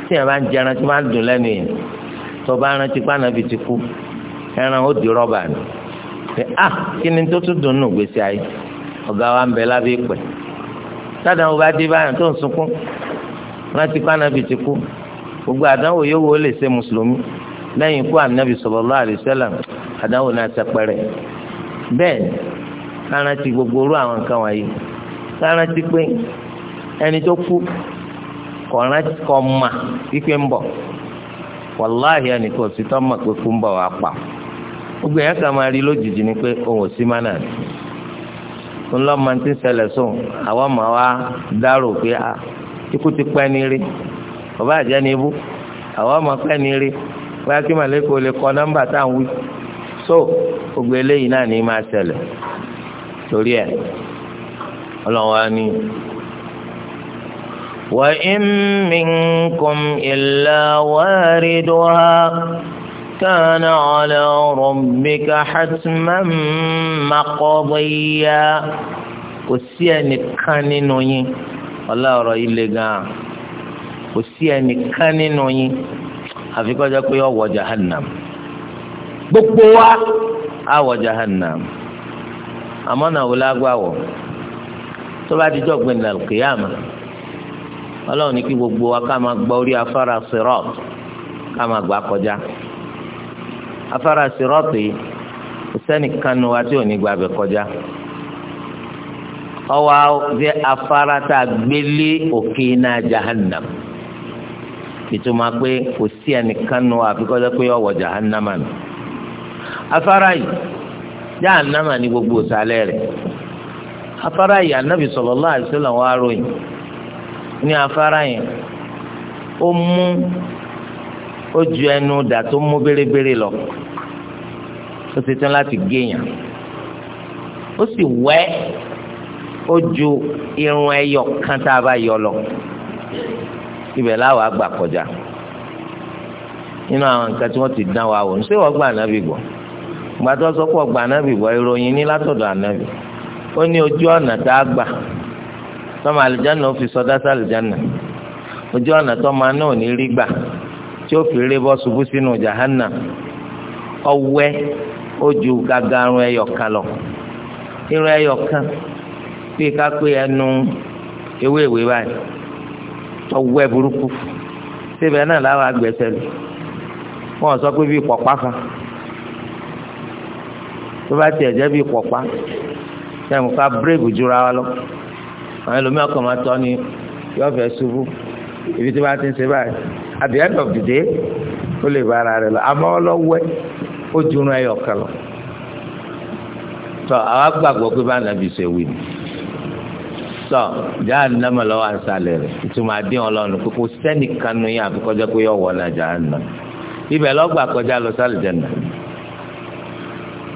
tí yẹn bá ń jẹran tí wọ́n á dùn lẹ́nu yẹn tó bá rántí pé anabi ti kú ẹran ó di rọ́bà ni. pé a ah, kí ni tó tún dùn nù gbèsè ayé ọ̀gá wa ń bẹ lábẹ́ ìpẹ́ sádàáwò bá dé báyìí tó ń sunkún rántí kó ànábì ti kú gbogbo àdánwò yóò wò ó lè ṣe mùsùlùmí lẹ́yìn ikú ànábì sallallahu alaihi àdánwò náà bẹ́ẹ̀ gbogbo orú àwọn nǹkan pé ẹni tó kú gbogbo ẹ̀yà kan máa rí lójijì ni pé òun ò sí mánà ni ńlọ máa ti ṣẹlẹ̀ sùn àwọn ọmọ wa dárò pé a ah, ikú ti pẹ́ ní rí bàbá àjẹ́ ní ibú àwọn ọmọ pẹ́ ní rí bóyá kí màlẹ́kọ̀ọ́ lè kọ nọ́mbà tá à ń wí so gbogbo eléyìí náà ní máa ṣẹlẹ̀ torí ẹ̀ ọlọ́wọ́ ni. وإن منكم إلا واردها كان على ربك حتما مقضيا kò sí ẹnìkan nínú yín ọlọ́ọ̀rọ̀ yìí le gan-an kò sí ẹnìkan nínú yín àfi kó jẹ́ pé ó wọ jahannam gbogbo wa á wọ jahannam àmọ́ náà wò lágbàwọ̀ tó bá ti jọ́ gbẹ̀ndà kìyàmà ọlọ́run ní kí gbogbo wa ká máa gba orí afárá sirat ká máa gbà kọjá. afárá sírọ́ọ̀tì kò sẹ́nìkan nu wa tí kọjá ọwọ́ afara afárá tá a na òkè náà jahannam ìtumọ̀ pé kò sí ẹnìkan nu àfi kọjá pé ọwọ́ afárá yìí gbogbo sálẹ̀ rẹ̀ afárá yìí anabi sallallahu alaihi wasallam wá ròyìn ní afárá yìí ó ó ju ẹnu dà tó mú bérebére lọ ó ti tán láti géèyàn ó sì wẹ́ ó ju irun ẹyọ kan tá a bá yọ lọ ibẹ̀ láwàá gbà kọjá nínú àwọn nǹkan tí wọ́n ti dán wa wò ní ṣé wọ́n gba ànábì gbọ́ gbàtọ́ sọ pé ọgbà ànábì gbọ́ ìròyìn ní látọ̀dọ̀ ànábì ó ní ojú ọ̀nà tá a gbà tọ́mọ àlìjáná ó fi sọdá sí àlìjáná ojú ọ̀nà tọ́mọ náà ní rí gbà tí ó fi rere bọ́ ṣubú sínú jahanna ọwẹ́ ó ju gagarun ẹyọkan lọ irun ẹyọkan bí kápé ẹnu ewé ìwé báyìí ọwẹ́ burúkú síbẹ̀ náà láwọn agbẹ̀sẹ̀ lò wọ́n sọ pé bí pọ̀pá kan tó bá tiẹ̀ jẹ́ bí pọ̀pá sẹ́yìn ká bírèkì jura wa lọ àwọn máa tọ́ ni yọ̀ọ́fẹ́ ṣubú. ibi tí wọ́n ti ń ṣe báyìí at the end of the day ó lè bá ara rẹ̀ lọ àmọ́ ọlọ́wẹ́ ó dunu ẹyọ kan lọ tọ àwa gbàgbọ́ pé bá nàbì ṣe wí ni tọ jáàdì náà mọ̀ lọ́wọ́ àṣàlẹ̀ rẹ̀ ìtumọ̀ àdé ọlọ́run pé kò sẹ́ni kan nu yín àfi kọjá pé yọ̀ wọ̀ náà jáàdì náà ibẹ̀ lọ́gbà kọjá lọ sálì jẹ̀nà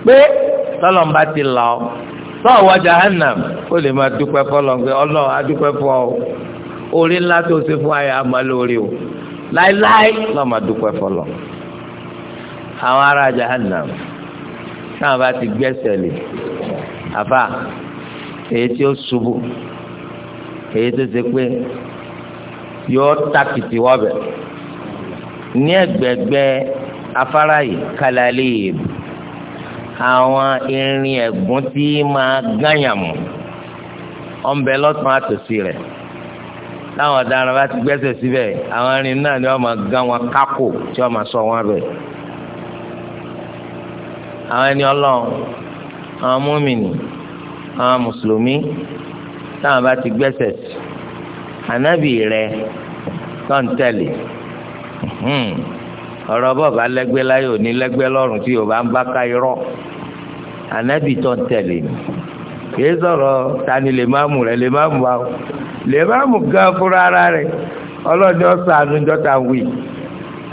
pé tọ́lọ́mbà ti là ọ́ tọ́ ọ̀wọ́ jahannam ó lè máa dúpẹ́ fọlọ́ pé ọlọ́run á dúpẹ́ fọ́ ọ́ orí ńlá tó ṣe fún ayé àmọ́ lórí o láíláí lọ́mọ dúpẹ́ fọlọ́ àwọn ará jahannam náà bá ti gbẹ́sẹ̀ lé àfà èyí tí ó ṣubú èyí tó ṣe pé yóò takìtì wọ́bẹ̀ ní ẹ̀gbẹ̀gbẹ́ afárá yìí kàlálẹ́ yìí àwọn irin ẹ̀gún tí máa gányàmù ọ̀nbẹ àtòsí rẹ̀ táwọn ọ̀daràn bá ti gbẹ́sẹ̀ síbẹ̀ àwọn arìn náà ni wọ́n máa gán wọn kákò tí wọ́n máa sọ wọn bẹ̀. àwọn ẹni ọlọ́run àwọn mọ́mìnì àwọn mùsùlùmí táwọn bá ti gbẹ́sẹ̀ sí ànábì rẹ tán tẹ̀lé hmm. ọ̀rọ̀ bọ́ọ̀bá lẹ́gbẹ́ láyé òní lẹ́gbẹ́ lọ́rùn tí yorùbá ń bá ká irọ́ ànábì tán tẹ̀lé kìí sọ̀rọ̀ tani lè má mú rẹ lè má mú wa lè má mú gan fúnra ara rẹ̀ ọlọ́jọ́ sànù jọta wì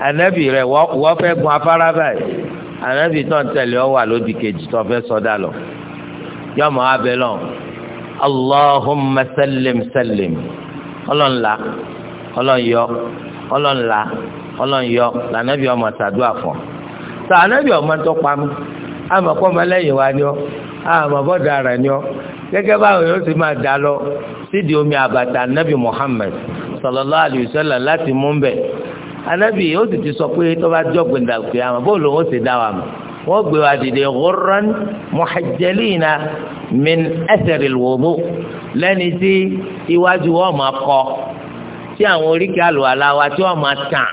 ànábì rẹ̀ wọ́n fẹ́ gun afárá báyìí ànábì tó ń tẹ̀lé ọ wà lódì kejì tó fẹ́ sọdá lọ yọmọ abẹ lọ allahumma sallim sallim ọlọ́nla ọlọ́nyọ ọlọ́nla ọlọ́nyọ lànàbì ọmọ sàdúà fún ọ ọmọ tó pamọ́ àmọ́ kọ́ ọmọ lẹ́yìn wa ni ọ àmọ́ bọ́dà rẹ̀ ni ọ gẹ́gẹ́ yóò ti máa sídìí omi àbàtà anabi muhammed sallallahu alayhi wa sallam láti mú bẹ anabi ó sì ti sọ pé tó bá jọ gbẹndàgbẹ àmọ́ bóòlù ó sì dá wa mọ̀ wọ́n gbé wa dìde ghurran muhajjalina min athari alwudu lẹ́ni tí iwájú wọn máa kọ tí àwọn oríkì àlùwàlá wa tí wọ́n máa tàn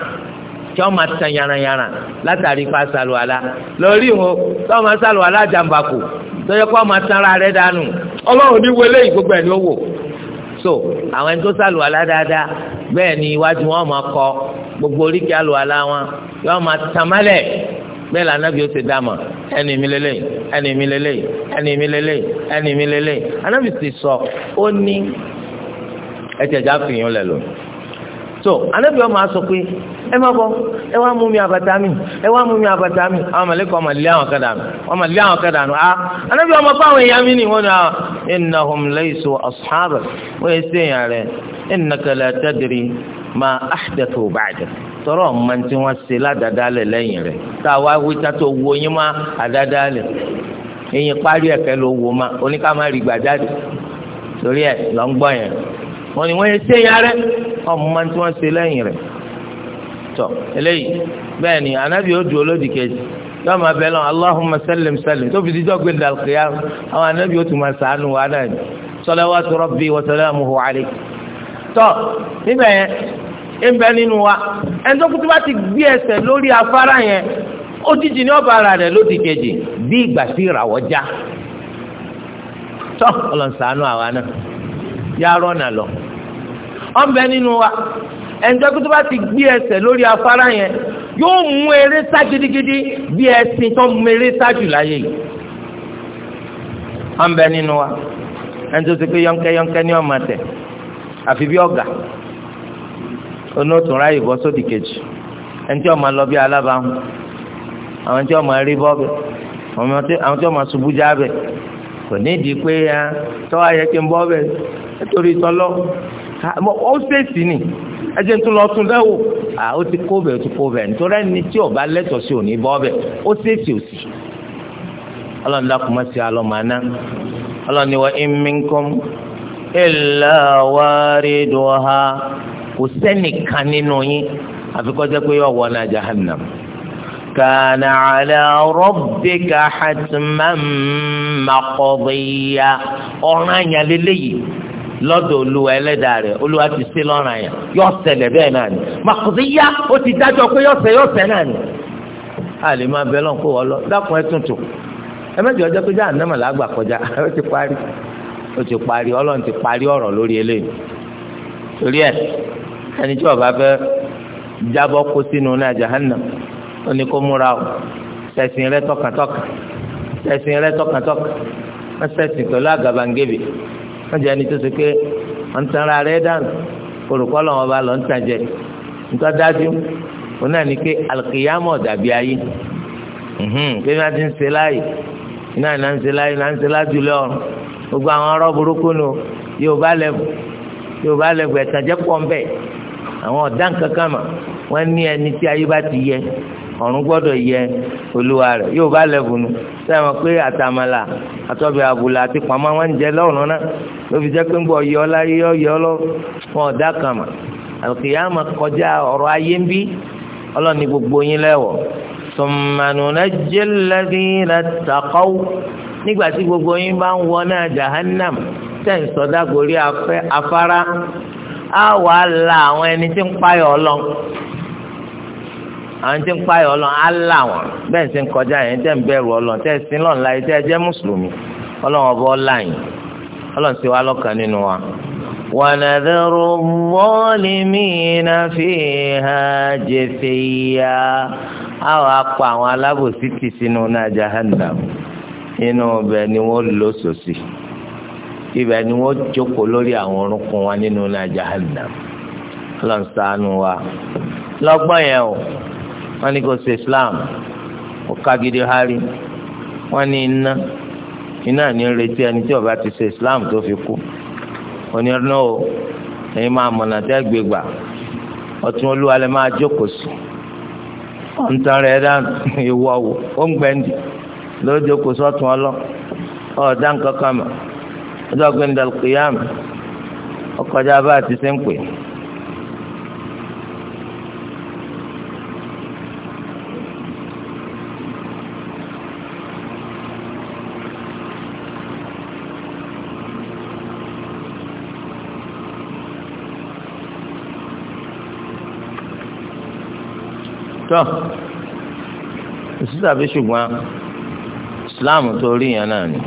tí wọ́n máa tàn yànnàyànnà látàrí ipa sàlùwàlá lórí wọn tí wọ́n máa sàlùwàlá jàǹbá kù tọ́jọ́ pé wọ́n máa tàn ara rẹ̀ dànù ọlọ́run ní wọlé ìgbógbó ẹ̀ ló wò so àwọn ẹni tó sàlùwàlá dáadáa bẹ́ẹ̀ ni iwájú wọn máa kọ gbogbo oríkì àlùwàlá wọn yóò máa tàmálẹ̀ bẹ́ẹ̀ la anabi ó ti dá ma ẹni mi lélẹ̀ ẹni mi lélẹ̀ ẹni mi lélẹ̀ ẹni mi lélẹ̀ anabi sọ ó ní ẹ̀jẹ̀ já lẹ̀ lónìí so anabi ọmọ asọ pé ẹ má bọ ẹ wá mú mi àbàtà mi ẹ wá mú mi àbàtà mi àwọn mọlẹkọ ọmọ ilé àwọn kẹdà mi ah, ọmọ ilé àwọn kẹdà mi ah anabi ọmọ fáwọn èèyàn mi ni wọn náà ah, innahum laysu ashab wọn yẹ sí èèyàn rẹ innaka la tadri ma ahdathu ba'dak tọrọ ọmọ tí wọn ṣe ládàdálẹ lẹ́yìn rẹ tá a wá wí tátó wo yín má àdádálẹ èyí parí ẹkẹ ló wo ma oníkàmá rí gbàjáde torí ẹ lọ ń gbọ́ yẹn wọn ni wọn yẹ sí èèyàn rẹ ọmọ máa ń tí wọ́n ṣe lẹ́yìn rẹ̀ tọ̀ eléyìí bẹ́ẹ̀ ni anabi ó dùn olódì kejì yóò máa bẹ̀ lọ́n aláhùnmá sẹ́lẹ̀m sẹ́lẹ̀m tó fi dídọ́ gbé dàlùkìyà àwọn anabi ó tún máa sàánù wà náà ni salawatu rabbi wa salamuhu alayhi tọ̀ níbẹ̀ yẹn ń bẹ nínú wa ẹni tó bá ti gbé ẹsẹ̀ lórí afárá yẹn òjijì ni ọba ara rẹ̀ lódì kejì bí ìgbà sí ìràwọ̀ já tọ́ ọlọ́nsàánù àwa náà yá rọ́nà lọ ọ̀nbẹ nínú wa ẹnjọ́ tó bá ti gbé ẹsẹ̀ lórí afárá yẹn yóò mú eré sá gidigidi bí ẹṣin tó mú eré sá jù láyé yìí ọ̀nbẹ nínú wa ẹnjọ́ tó pé yọ̀ǹkẹ́ yọ̀ǹkẹ́ ní ọ̀mà tẹ̀ àfi bí ọ̀gà onótùnrà yìí bọ́ sódì kejì ẹnjẹ́ ọ̀mà lọ bí alábàáhùn àwọn ẹnjẹ́ ọ̀mà rí bọ́ọ̀bẹ àwọn tí ọ̀mà ṣubú jábẹ̀ kò ní ìdí pé ah, tọ́wọ́ ayẹ kí n bọ́ ó ṣèṣì ni ẹjẹ tó lọ tún lẹ́wọ̀ à ó ti kó bẹ̀ ó ti kó bẹ̀ nítorí ẹni tí ọba lẹ́tọ̀ọ́ sí òní bọ́ bẹ̀ ó ṣèṣì òsì ọlọ́run dákun mọ́ sí alọ́mọ́ná ọlọ́run ni wa in minkum illa wariduha kò sẹ́nìkan nínú yín àfi pé yọ wọ náà jahannam kana ala rabbika hatman maqdiya ọ̀ràn yẹn lọ́dọ̀ olúwa ẹlẹ́dàá rẹ̀ olúwa ti ṣe lọ́ràn yẹn yọ ṣẹlẹ̀ bẹ́ẹ̀ náà ni màkùdíyà ó ti dájọ́ pé yọ ṣẹ yọ ṣẹ náà ni. a lè máa bẹ lọ́n kó wọ́n lọ dákun ẹ tuntun ẹ mẹ́jọ ọjọ́ pé jáà nàmà làgbà kọjá ó ti parí o ti parí ọlọ́run ti parí ọ̀rọ̀ lórí eléyìí torí ẹ ẹni tí ọba fẹ́ kó sínú náà ó ní kó múra o tọkàntọkàn tọkàntọkàn má jẹ́ ẹni tó ṣe pé wọ́n tan ara rẹ̀ dànù olùkọ́ lọ́wọ́ bá lọ́ ń tàn jẹ nítorí dájú òun náà ni pé alùkìyàmọ̀ dàbí ayé pé wọ́n ti ń ṣe láàyè iná ìná ń ṣe láàyè iná ń ṣe láàjú lọ́rùn gbogbo àwọn ọ̀rọ̀ burúkú nu yóò bá lẹ́bù yóò bá lẹ́bù ẹ̀tàn jẹ́ pọ̀ ń bẹ̀ àwọn ọ̀dà nǹkan mà wọ́n ní ẹni tí ayé bá ti yẹ ọ̀run gbọ́dọ̀ yẹ olúwa rẹ̀ yóò bá lẹ́bùnú sẹ́wọ̀n pé àtàmàlà àtọ́bí àbùlà àti pàmò àwọn ń jẹ lọ́rùn náà ló fi jẹ́ pé ń bọ̀ yọ ọ́ láyé yọ ọ́ lọ́ wọn ọ̀dà kan mà àlùkìyàmà kọjá ọ̀rọ̀ ayé ń bí ọlọ́ni gbogbo yín lẹ́wọ̀ sọmọnù náà jẹ́ lẹ́dínlẹ́ tàkọ́wù nígbà tí gbogbo yín bá ń wọ náà jahannam tẹ̀ ń sọdá afárá àwọn tí ń páyọ Ọlọ́run á là wọn bẹ́ẹ̀ sì ń kọjá yẹn tẹ́ ń bẹ̀rù Ọlọ́run tẹ́ sí lọ́nà láyé tẹ́ jẹ́ mùsùlùmí Ọlọ́run ọba ọlá yìí Ọlọ́run sì wá lọ́kàn nínú wa. ونذر الظالمين فيها جثيا a wá pa àwọn alábòsí tì sínú náà jahannam inú ibẹ̀ ni wọ́n lò sòsì ibẹ̀ ni wọ́n jókòó lórí àwọn orúnkún wa nínú náà jahannam lọ́nṣánú wa lọ́gbọ́n yẹn o. wọ́n ní kò islam kò kágídé hari wọ́n ní iná iná ní retí ẹni tí ó ti islam tó fi kú onírúnà o ẹ̀yin máa mọ̀nà tẹ́gbẹ́ gbà ọtún olúwa máa jókòó sí ọ̀ǹtàn rẹ̀ dànù ìwọ wò ó ń ọlọ ló jókòó sọ́tún ọlọ́ ọ̀ọ́dá nǹkan kan mọ̀ ọkọjá bá a ti tó òṣìṣẹ́ àbí ṣùgbọ́n Islam tó rí yẹn náà ni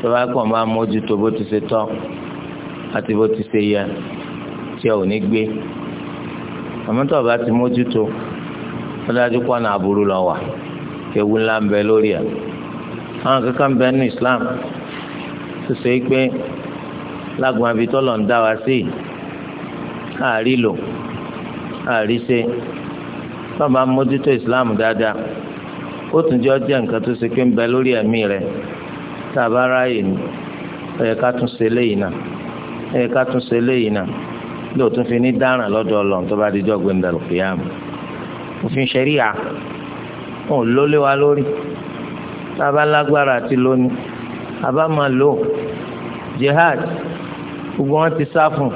tó bá kàn bá mójútó bó ti ṣe tọ́ àti bó ti ṣe yẹ tí ò ní gbé àmọ́ tó o bá ti mójútó ó dájú pọ̀ náà aburú lọ wà ewu ńlá ń bẹ lórí ẹ̀ àwọn kankan ń bẹ ní Islam tó ṣe é pé lágbọn abitọ́lọ̀ ń dá wa sí àárí lò àárí ṣe náà bá mójútó ìsìláàmù dáadáa ó tún jẹ́ ọjọ́ nǹkan tó ṣe pé ń bẹ lórí ẹ̀mí rẹ̀ tá a bá ráàyè ni ó yẹ ká tún ṣe léyìí náà ó yẹ ká tún ṣe léyìí náà bí o tún fi ní dáràn lọ́dọ̀ ọlọ́run tó bá dijọ́ gbẹ̀ndà lùkìyàmù òfin ṣẹ̀ríà wọn ò lólé wa lórí tá a bá lágbára àti lónìí a bá máa lò jihad gbogbo wọn ti sá fún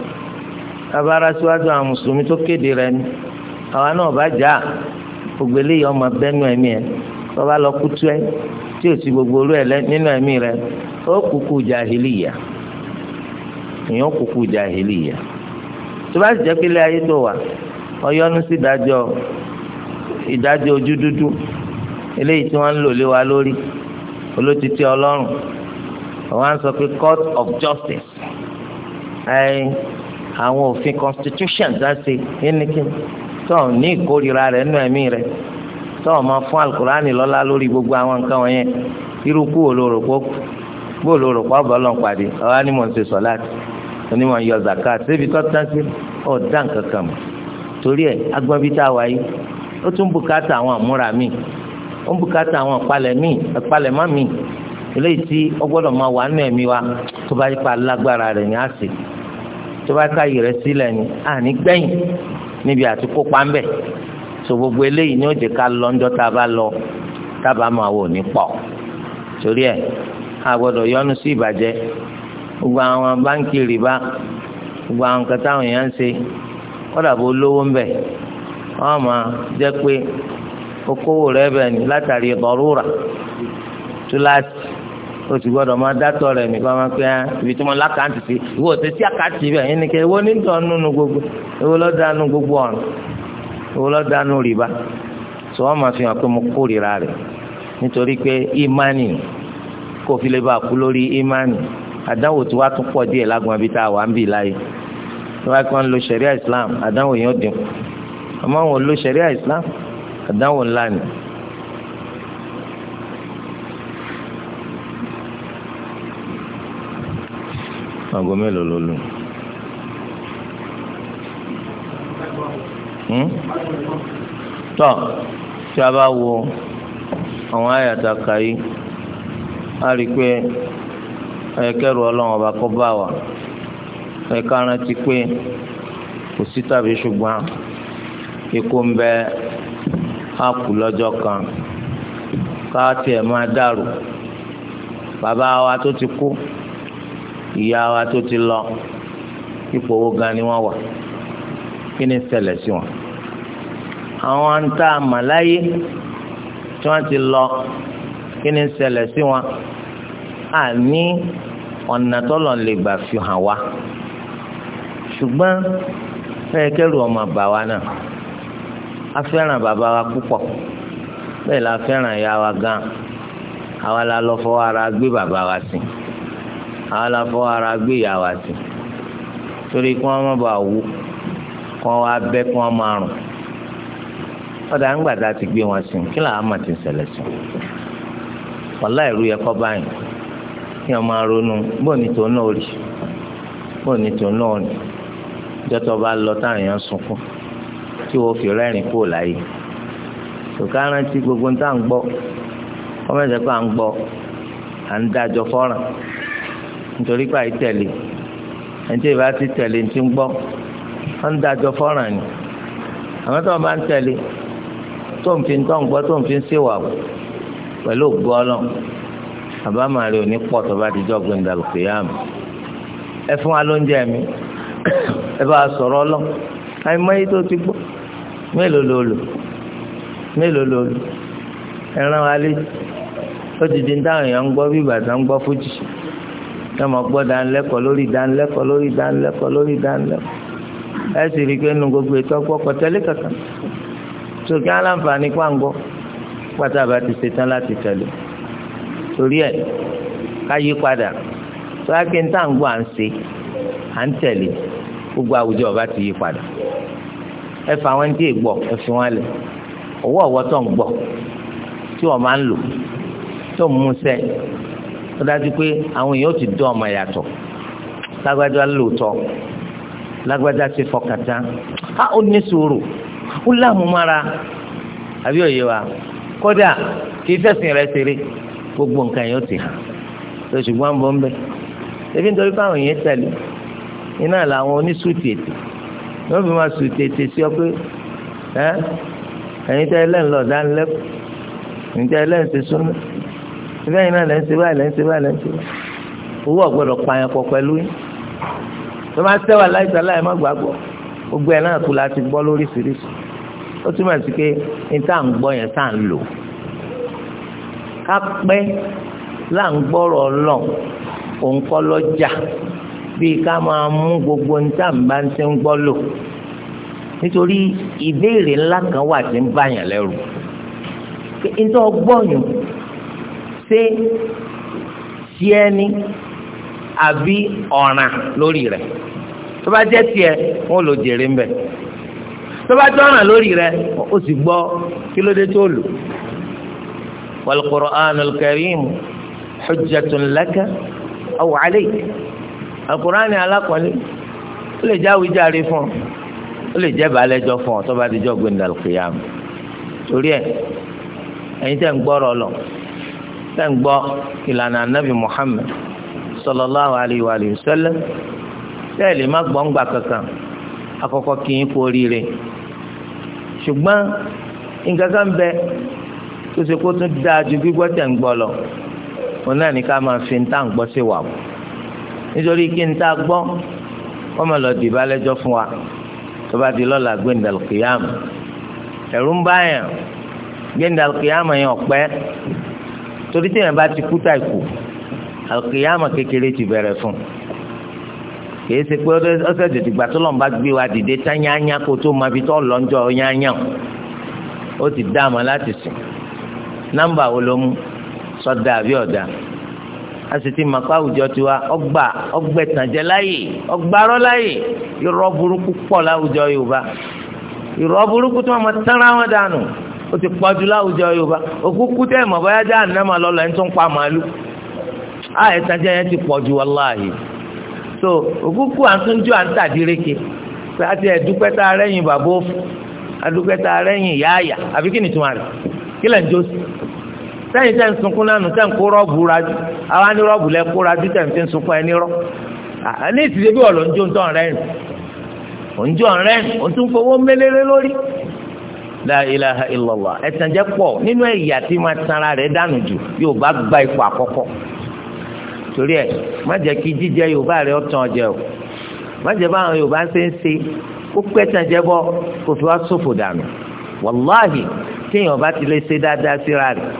tá àwọn mùsùlùmí tó kéde rẹ̀ ni àwa náà bá jà gbogbo eléyìí ọmọ bẹ́nu ẹ̀mí ẹ̀ tọ́ba lọ kútu ẹ tí o ti gbogbo olú ẹ nínú ẹ̀mí rẹ ó kúkú jahiliya èèyàn kúkú jahiliya tó bá jẹ́ pé ilé ayé tó wà ọyọ́nu sí ìdájọ́ ìdájọ́ ojú dúdú eléyìí tí wọ́n ń lò lé wa lórí olótìtì ọlọ́run àwọn á sọ pé court of justice ẹ àwọn òfin constitution dá sí yín ní kí ni tó o ní ìkórira rẹ̀ nínú ẹ̀mí rẹ̀ tó o máa fún alukurani lọ́lá lórí gbogbo àwọn nǹkan wọ̀nyẹn irú kú olórúkọ kú olórúkọ ọ̀bọ̀ lọ́n pàdé ọ̀hán ni mò ń ṣe sọ̀láàtì onímọ̀ yọ zakat síbi tó tán sí ọ̀ dá nǹkan kan mọ̀ torí ẹ̀ agbọ́n bí tá a wáyé ó tún bùkátà àwọn àmúra míì ó bùkátà àwọn ìpalẹ̀ míì ìpalẹ̀ má míì eléyìí tí ó gbọ́dọ̀ máa wà nínú ẹ̀mí wa tó bá yípa lágbára rẹ̀ ní àsè tó bá ká yẹrẹ sílẹ̀ ní àní gbẹ̀yìn níbi àti kópa ń bẹ̀ so gbogbo eléyìí ni ó jẹ́ ká lọ ńjọ́ tá a bá lọ tábà máa wò ní pọ̀ torí ẹ̀ a gbọ́dọ̀ yọnu sí ìbàjẹ́ gbogbo àwọn báńkì rìbá gbogbo àwọn nǹkan táwọn èèyàn ń ṣe kọ́dà bó lówó ń bẹ̀ wọ́n máa jẹ́ pé okòwò rẹ̀ bẹ̀ ní látàrí ìbọ̀rúra túláàsì o sì gbọ́dọ̀ máa dátọ̀ rẹ̀ mi bá máa pẹ́ ah, ibi tí mo lákàntì sí ìwọ ò tẹ́tí àkàtì bẹ̀ ẹni kẹ́ ìwọ ní dànù nu gbogbo ìwọ lọ́ dànù gbogbo ọ̀run ìwọ lọ́ dànù rìbá sọ wọ́n máa fi hàn pé mo kórìíra rẹ̀ nítorí pé ìmánì kò fi lè bá a kú lórí ìmánì àdánwò tí wàá tún pọ̀ díẹ̀ lágbọ̀n ibi tá a wà ń bì láyé tí wàá kí lo ṣẹ̀ríà Islam àdánwò yẹn ó dín àmọ́ wọn lo ṣẹ̀ríà Islam àdánwò ńlá ni. aago mélòó ló lù. Hmm? tọ́ tí a bá wo àwọn àyàtà kàyí a rí i pé ẹ̀kẹ́rù ọlọ́run ọba kọ́ bá wa ẹ̀ka rántí pé kò sí tàbí ṣùgbọ́n ikú ń bẹ á kú lọ́jọ́ kan ká tiẹ̀ máa dàrú bàbá wa tó ti kú ìyá wa tó ti lọ ipò owó gan ni wọ́n wà kí ni ṣẹlẹ̀ sí wọn. àwọn ń ta àmàláyé tí wọ́n ti lọ kí ni ṣẹlẹ̀ sí wọn. a ní ọ̀nà tọ́lọ̀ lè gbà fi hàn wá ṣùgbọ́n fẹ́ẹ́ kẹ́rù ọmọ bàwa náà a fẹ́ràn bàbá wa púpọ̀ bẹ́ẹ̀ la fẹ́ràn ìyá wa gan àwa la lọ fọwọ́ ara gbé bàbá wa sí i. àwọn ara gbé ìyàwó àti torí kí wọ́n má bàa wú kí wá kí máa ọ̀dà a ti gbé wọn sí kí làwọn máa ti ṣẹlẹ̀ sí wàhálà yẹ báyìí kí ọ máa ronú bó ní tòun náà rí bó ní tòun náà rí bá lọ táwọn èèyàn sunkún tí fi kúrò tòkà rántí gbogbo ń tà ń ń gbọ́ à nítorí pé àìtẹ̀lé ẹnití ìbá ti tẹ̀lé ti ń gbọ́ ó ń dájọ́ fọ́ràn ni àmọ́ tó o máa ń tẹ̀lé tó ń fi tó ń gbọ́ tó ń fi ń ṣèwà o pẹ̀lú ògbó ọlọ́ àbámọ̀ rẹ̀ ò ní pọ̀ tó bá ti jọ́ gbẹ̀ndà lòkè yá mi ẹ fún wa lóúnjẹ mi ẹ bá a sọ̀rọ̀ ọlọ́ àìmọye tó ti gbọ́ mélòó ló mélòó ló ẹran wa lé ó ti di ní táwọn èèyàn ń gbọ́ bí ìbàdàn ń gbọ́ fújì. yóò máa gbọ́ dánilẹ́kọ̀ọ́ lórí dánilẹ́kọ̀ọ́ lórí dánilẹ́kọ̀ọ́ lórí dánilẹ́kọ̀ọ́ ẹ sì rí i pé nu gbogbo ètò ọgbọ́ kọtẹ́lé kankan sókè aláǹfààní pàǹgọ́ pátábà ti ṣetán láti tẹ̀lé torí ẹ̀ ká yí padà à ń ṣe à ń tẹ̀lé gbogbo àwùjọ ọba ti yí padà ẹ fà wọn dé gbọ́ ẹ fi wọn ọwọ́ tó ń ó dájú pé àwọn èèyàn ti dán ọmọ yàtọ̀ lágbájá lóòótọ́ lágbájá ti fọkàtà á ó ní sùúrù ó láàmúmára àbí òye wa kódà kì í fẹ̀sìn rẹ̀ ṣeré gbogbo nǹkan yóò ti hàn lọ́sùgbọ́n ń bọ́ ń bẹ́ ebi nítorí báwọn èèyàn tẹ̀lé iná làwọn oníṣùtì ètè wọ́n fi máa ṣùtì ètè sí ọ pé ẹ́ ẹ̀yin tẹ́ ẹlẹ́yìn lọ́ọ̀dá ńlẹ́kùn ẹ̀yin tẹ́ ẹlẹ́yìn ṣe súnmọ́ síbẹ̀ yìí náà lẹ́ ń ṣe báyìí lẹ́ ń ṣe báyìí lẹ́ ń ṣe báyìí owó ọ̀gbọ́dọ̀ pààyàn pọ̀ pẹ̀lú yín tó bá tẹ́wà láìsí aláì má gbàgbọ́ gbogbo ẹ̀ náà kú láti gbọ́ lóríṣiríṣi ó túmọ̀ sí pé ní tá à ń gbọ́ yẹn tá à ń lò ká pẹ́ là ń gbọ́rọ̀ lọ òun kọ́ lọ́jà bíi ká máa mú gbogbo ní tá à ń bá ń ti ń gbọ́ lò nítorí ìbéèrè ńlá kan wà tí ń báyàn lẹ́rù nítorí ọgbọ́n yìí ṣe ti ẹni àbí ọ̀ràn lórí rẹ̀ tó bá jẹ́ tiẹ̀ wọ́n lò jèrè ń bẹ̀ tó bá jẹ́ ọ̀ràn lórí rẹ̀ ó sì gbọ́ kí ló dé tó lò. wal Qur'anul Karim hujjatun laka aw alayk Al-Qur'ani alákọ̀ọ́lé ó lè jẹ́ àwíjàre fún ọ ó lè jẹ́ balẹ̀jọ́ fún ọ tó bá ti jọ́ gbẹ̀ndàlùkìyàmù torí ẹ̀ ẹ̀yin sẹ́ǹgbọ́ ìlànà anabi muhammed sallallahu alayhi wa sallam bẹ́ẹ̀ lè má gbọ́ngbà kankan àkọ́kọ́ kí n kú oríire ṣùgbọ́n nǹkan kan bẹ tó ṣe kó tún dáa ju gbígbọ́ tẹ̀ ń gbọ́ lọ òun náà ní ká máa fi ń tà ń gbọ́ sí wa o nítorí kí n tá a gbọ́ wọ́n máa lọ dìbà lẹ́jọ́ fún wa tó bá di lọ́la gbẹ̀ndàlùkìyàmù ẹ̀rú ń báyàn gbẹ̀ndàlùkìyàmù yẹn ọ̀pẹ́ torí téèyàn bá ti kú tá ìkù kékeré ti bẹ̀rẹ̀ fún kìí ṣe pé ọsẹ dìdìgbà tó lọ́nba gbé wa dìde tá yányá kó tó ma fi tó lọ́njọ́ yányá ó ti dá àmọ́ láti sùn nọ́mbà wo ló mú sọ́dà àbí ọ̀dà a sì ti àwùjọ tiwa ọgbà ọgbẹ̀tànjẹ láàyè ọgbàrọ̀ láàyè irọ́ burúkú pọ̀ láwùjọ Yorùbá irọ́ burúkú tó wọn wọn dànù ó ti pọ̀jù láwùjọ yorùbá òkúkú tẹ́ mọ̀ bóyá já ànámà lọ́lọ́ ẹni tó ń pa màálù á ẹ̀sán jẹ́ yẹn ti pọ̀jù wàláhì so òkúkú àtúnjú àtàdíreke àti ẹ̀dúpẹ́ta rẹ́yìn bàbá òfò adúpẹ́ta rẹ́yìn yáàyà àbí kí ni tuma rẹ̀ kí lẹ́ ń jó sí sẹ́yìn tẹ́ ń sunkún náà nù tẹ́ ń kó rọ́ọ̀bù rájú àwa ní rọ́ọ̀bù lẹ́ kó rájú tẹ́ ń fi sunkún ẹni rọ́ ní ìsìlẹ̀ bí wọ́n lọ ń jó ń tọ́ ọ̀rẹ́ rìn òǹjọ́ ọ̀rẹ́ òǹtún fowó méléré lórí la ilaha illallah ẹ̀tànjẹ́ pọ̀ nínú ẹ̀yà tí máa tanra rẹ̀ dànù jù yóò bá gba ipò àkọ́kọ́ torí ẹ̀ má jẹ́ kí jíjẹ yorùbá rẹ̀ ọ̀tàn ọ̀jẹ̀ o má jẹ́ báwọn yorùbá ṣe ń ṣe ó pẹ́ tànjẹ́ bọ́ kò fi wá sófò dànù wàláhì téèyàn bá ti lè ṣe dáadáa síra rẹ̀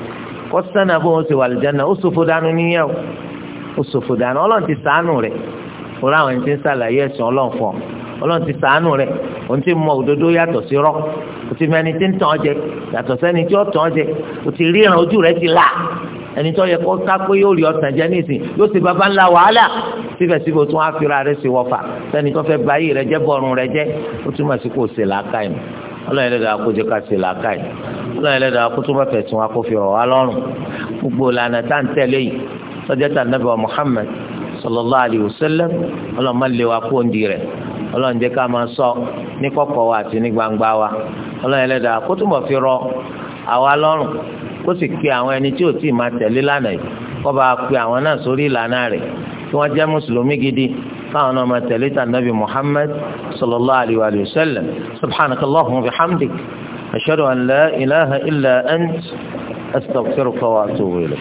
kó sánà bó wọn ṣe wà lùjáná ó sófò dànù níyẹn o ó sófò dànù ọlọ́run ti ṣàánú rẹ̀ òun àwọn ẹni ń ṣàlàyé ẹ̀sìn ọlọ́run fún ọ ọlọ́run ti sàánù rẹ̀ òun ti mọ òdodo yàtọ̀ sí rọ́ o ti mẹni tí ń tàn ọ́ jẹ yàtọ̀ sẹ́ni tí ó tàn ọ́ jẹ o ti ríran ojú rẹ̀ ti là ẹni tó yẹ kó kápé yóò rí ọ̀sán jẹ nísìn yóò ti bàbá ńlá wàhálà síbẹ̀síbẹ̀ o tún á fira rẹ̀ sí wọ́fà sẹ́ni tó fẹ́ ba yìí rẹ̀ jẹ́ bọ̀rùn rẹ̀ jẹ́ o túmọ̀ sí kò ṣe làákàyè ọlọ́run ẹlẹ́dàá kó jẹ́ ká ṣe làákàyè ọlọ́run ẹlẹ́dàá kó tún bá fẹ̀ tún wa kó fi rọ̀ wá lọ́rùn gbogbo lànà tá ń tẹ̀lé yìí sọ́jọ́tà nàbẹ̀wá Muhammad sallallahu alayhi wa sallam ọlọ́run má lé ọlọ́run jẹ́ ká máa sọ ní kọ̀kọ̀ wa àti ní gbangba wa ọlọ́run ẹlẹ́dàá kó túbọ̀ fi rọ àwa lọ́rùn kó sì pe àwọn ẹni tí ò tí ì máa tẹ̀lé lánàá yìí kó bá pe àwọn náà sórí ìlànà rẹ̀ kí wọ́n jẹ́ mùsùlùmí gidi káwọn náà máa tẹ̀lé tà nàbì sallallahu alayhi wa sallam subhanaka wa bihamdik ashhadu an la ilaha illa ant astaghfiruka wa atubu ilayk.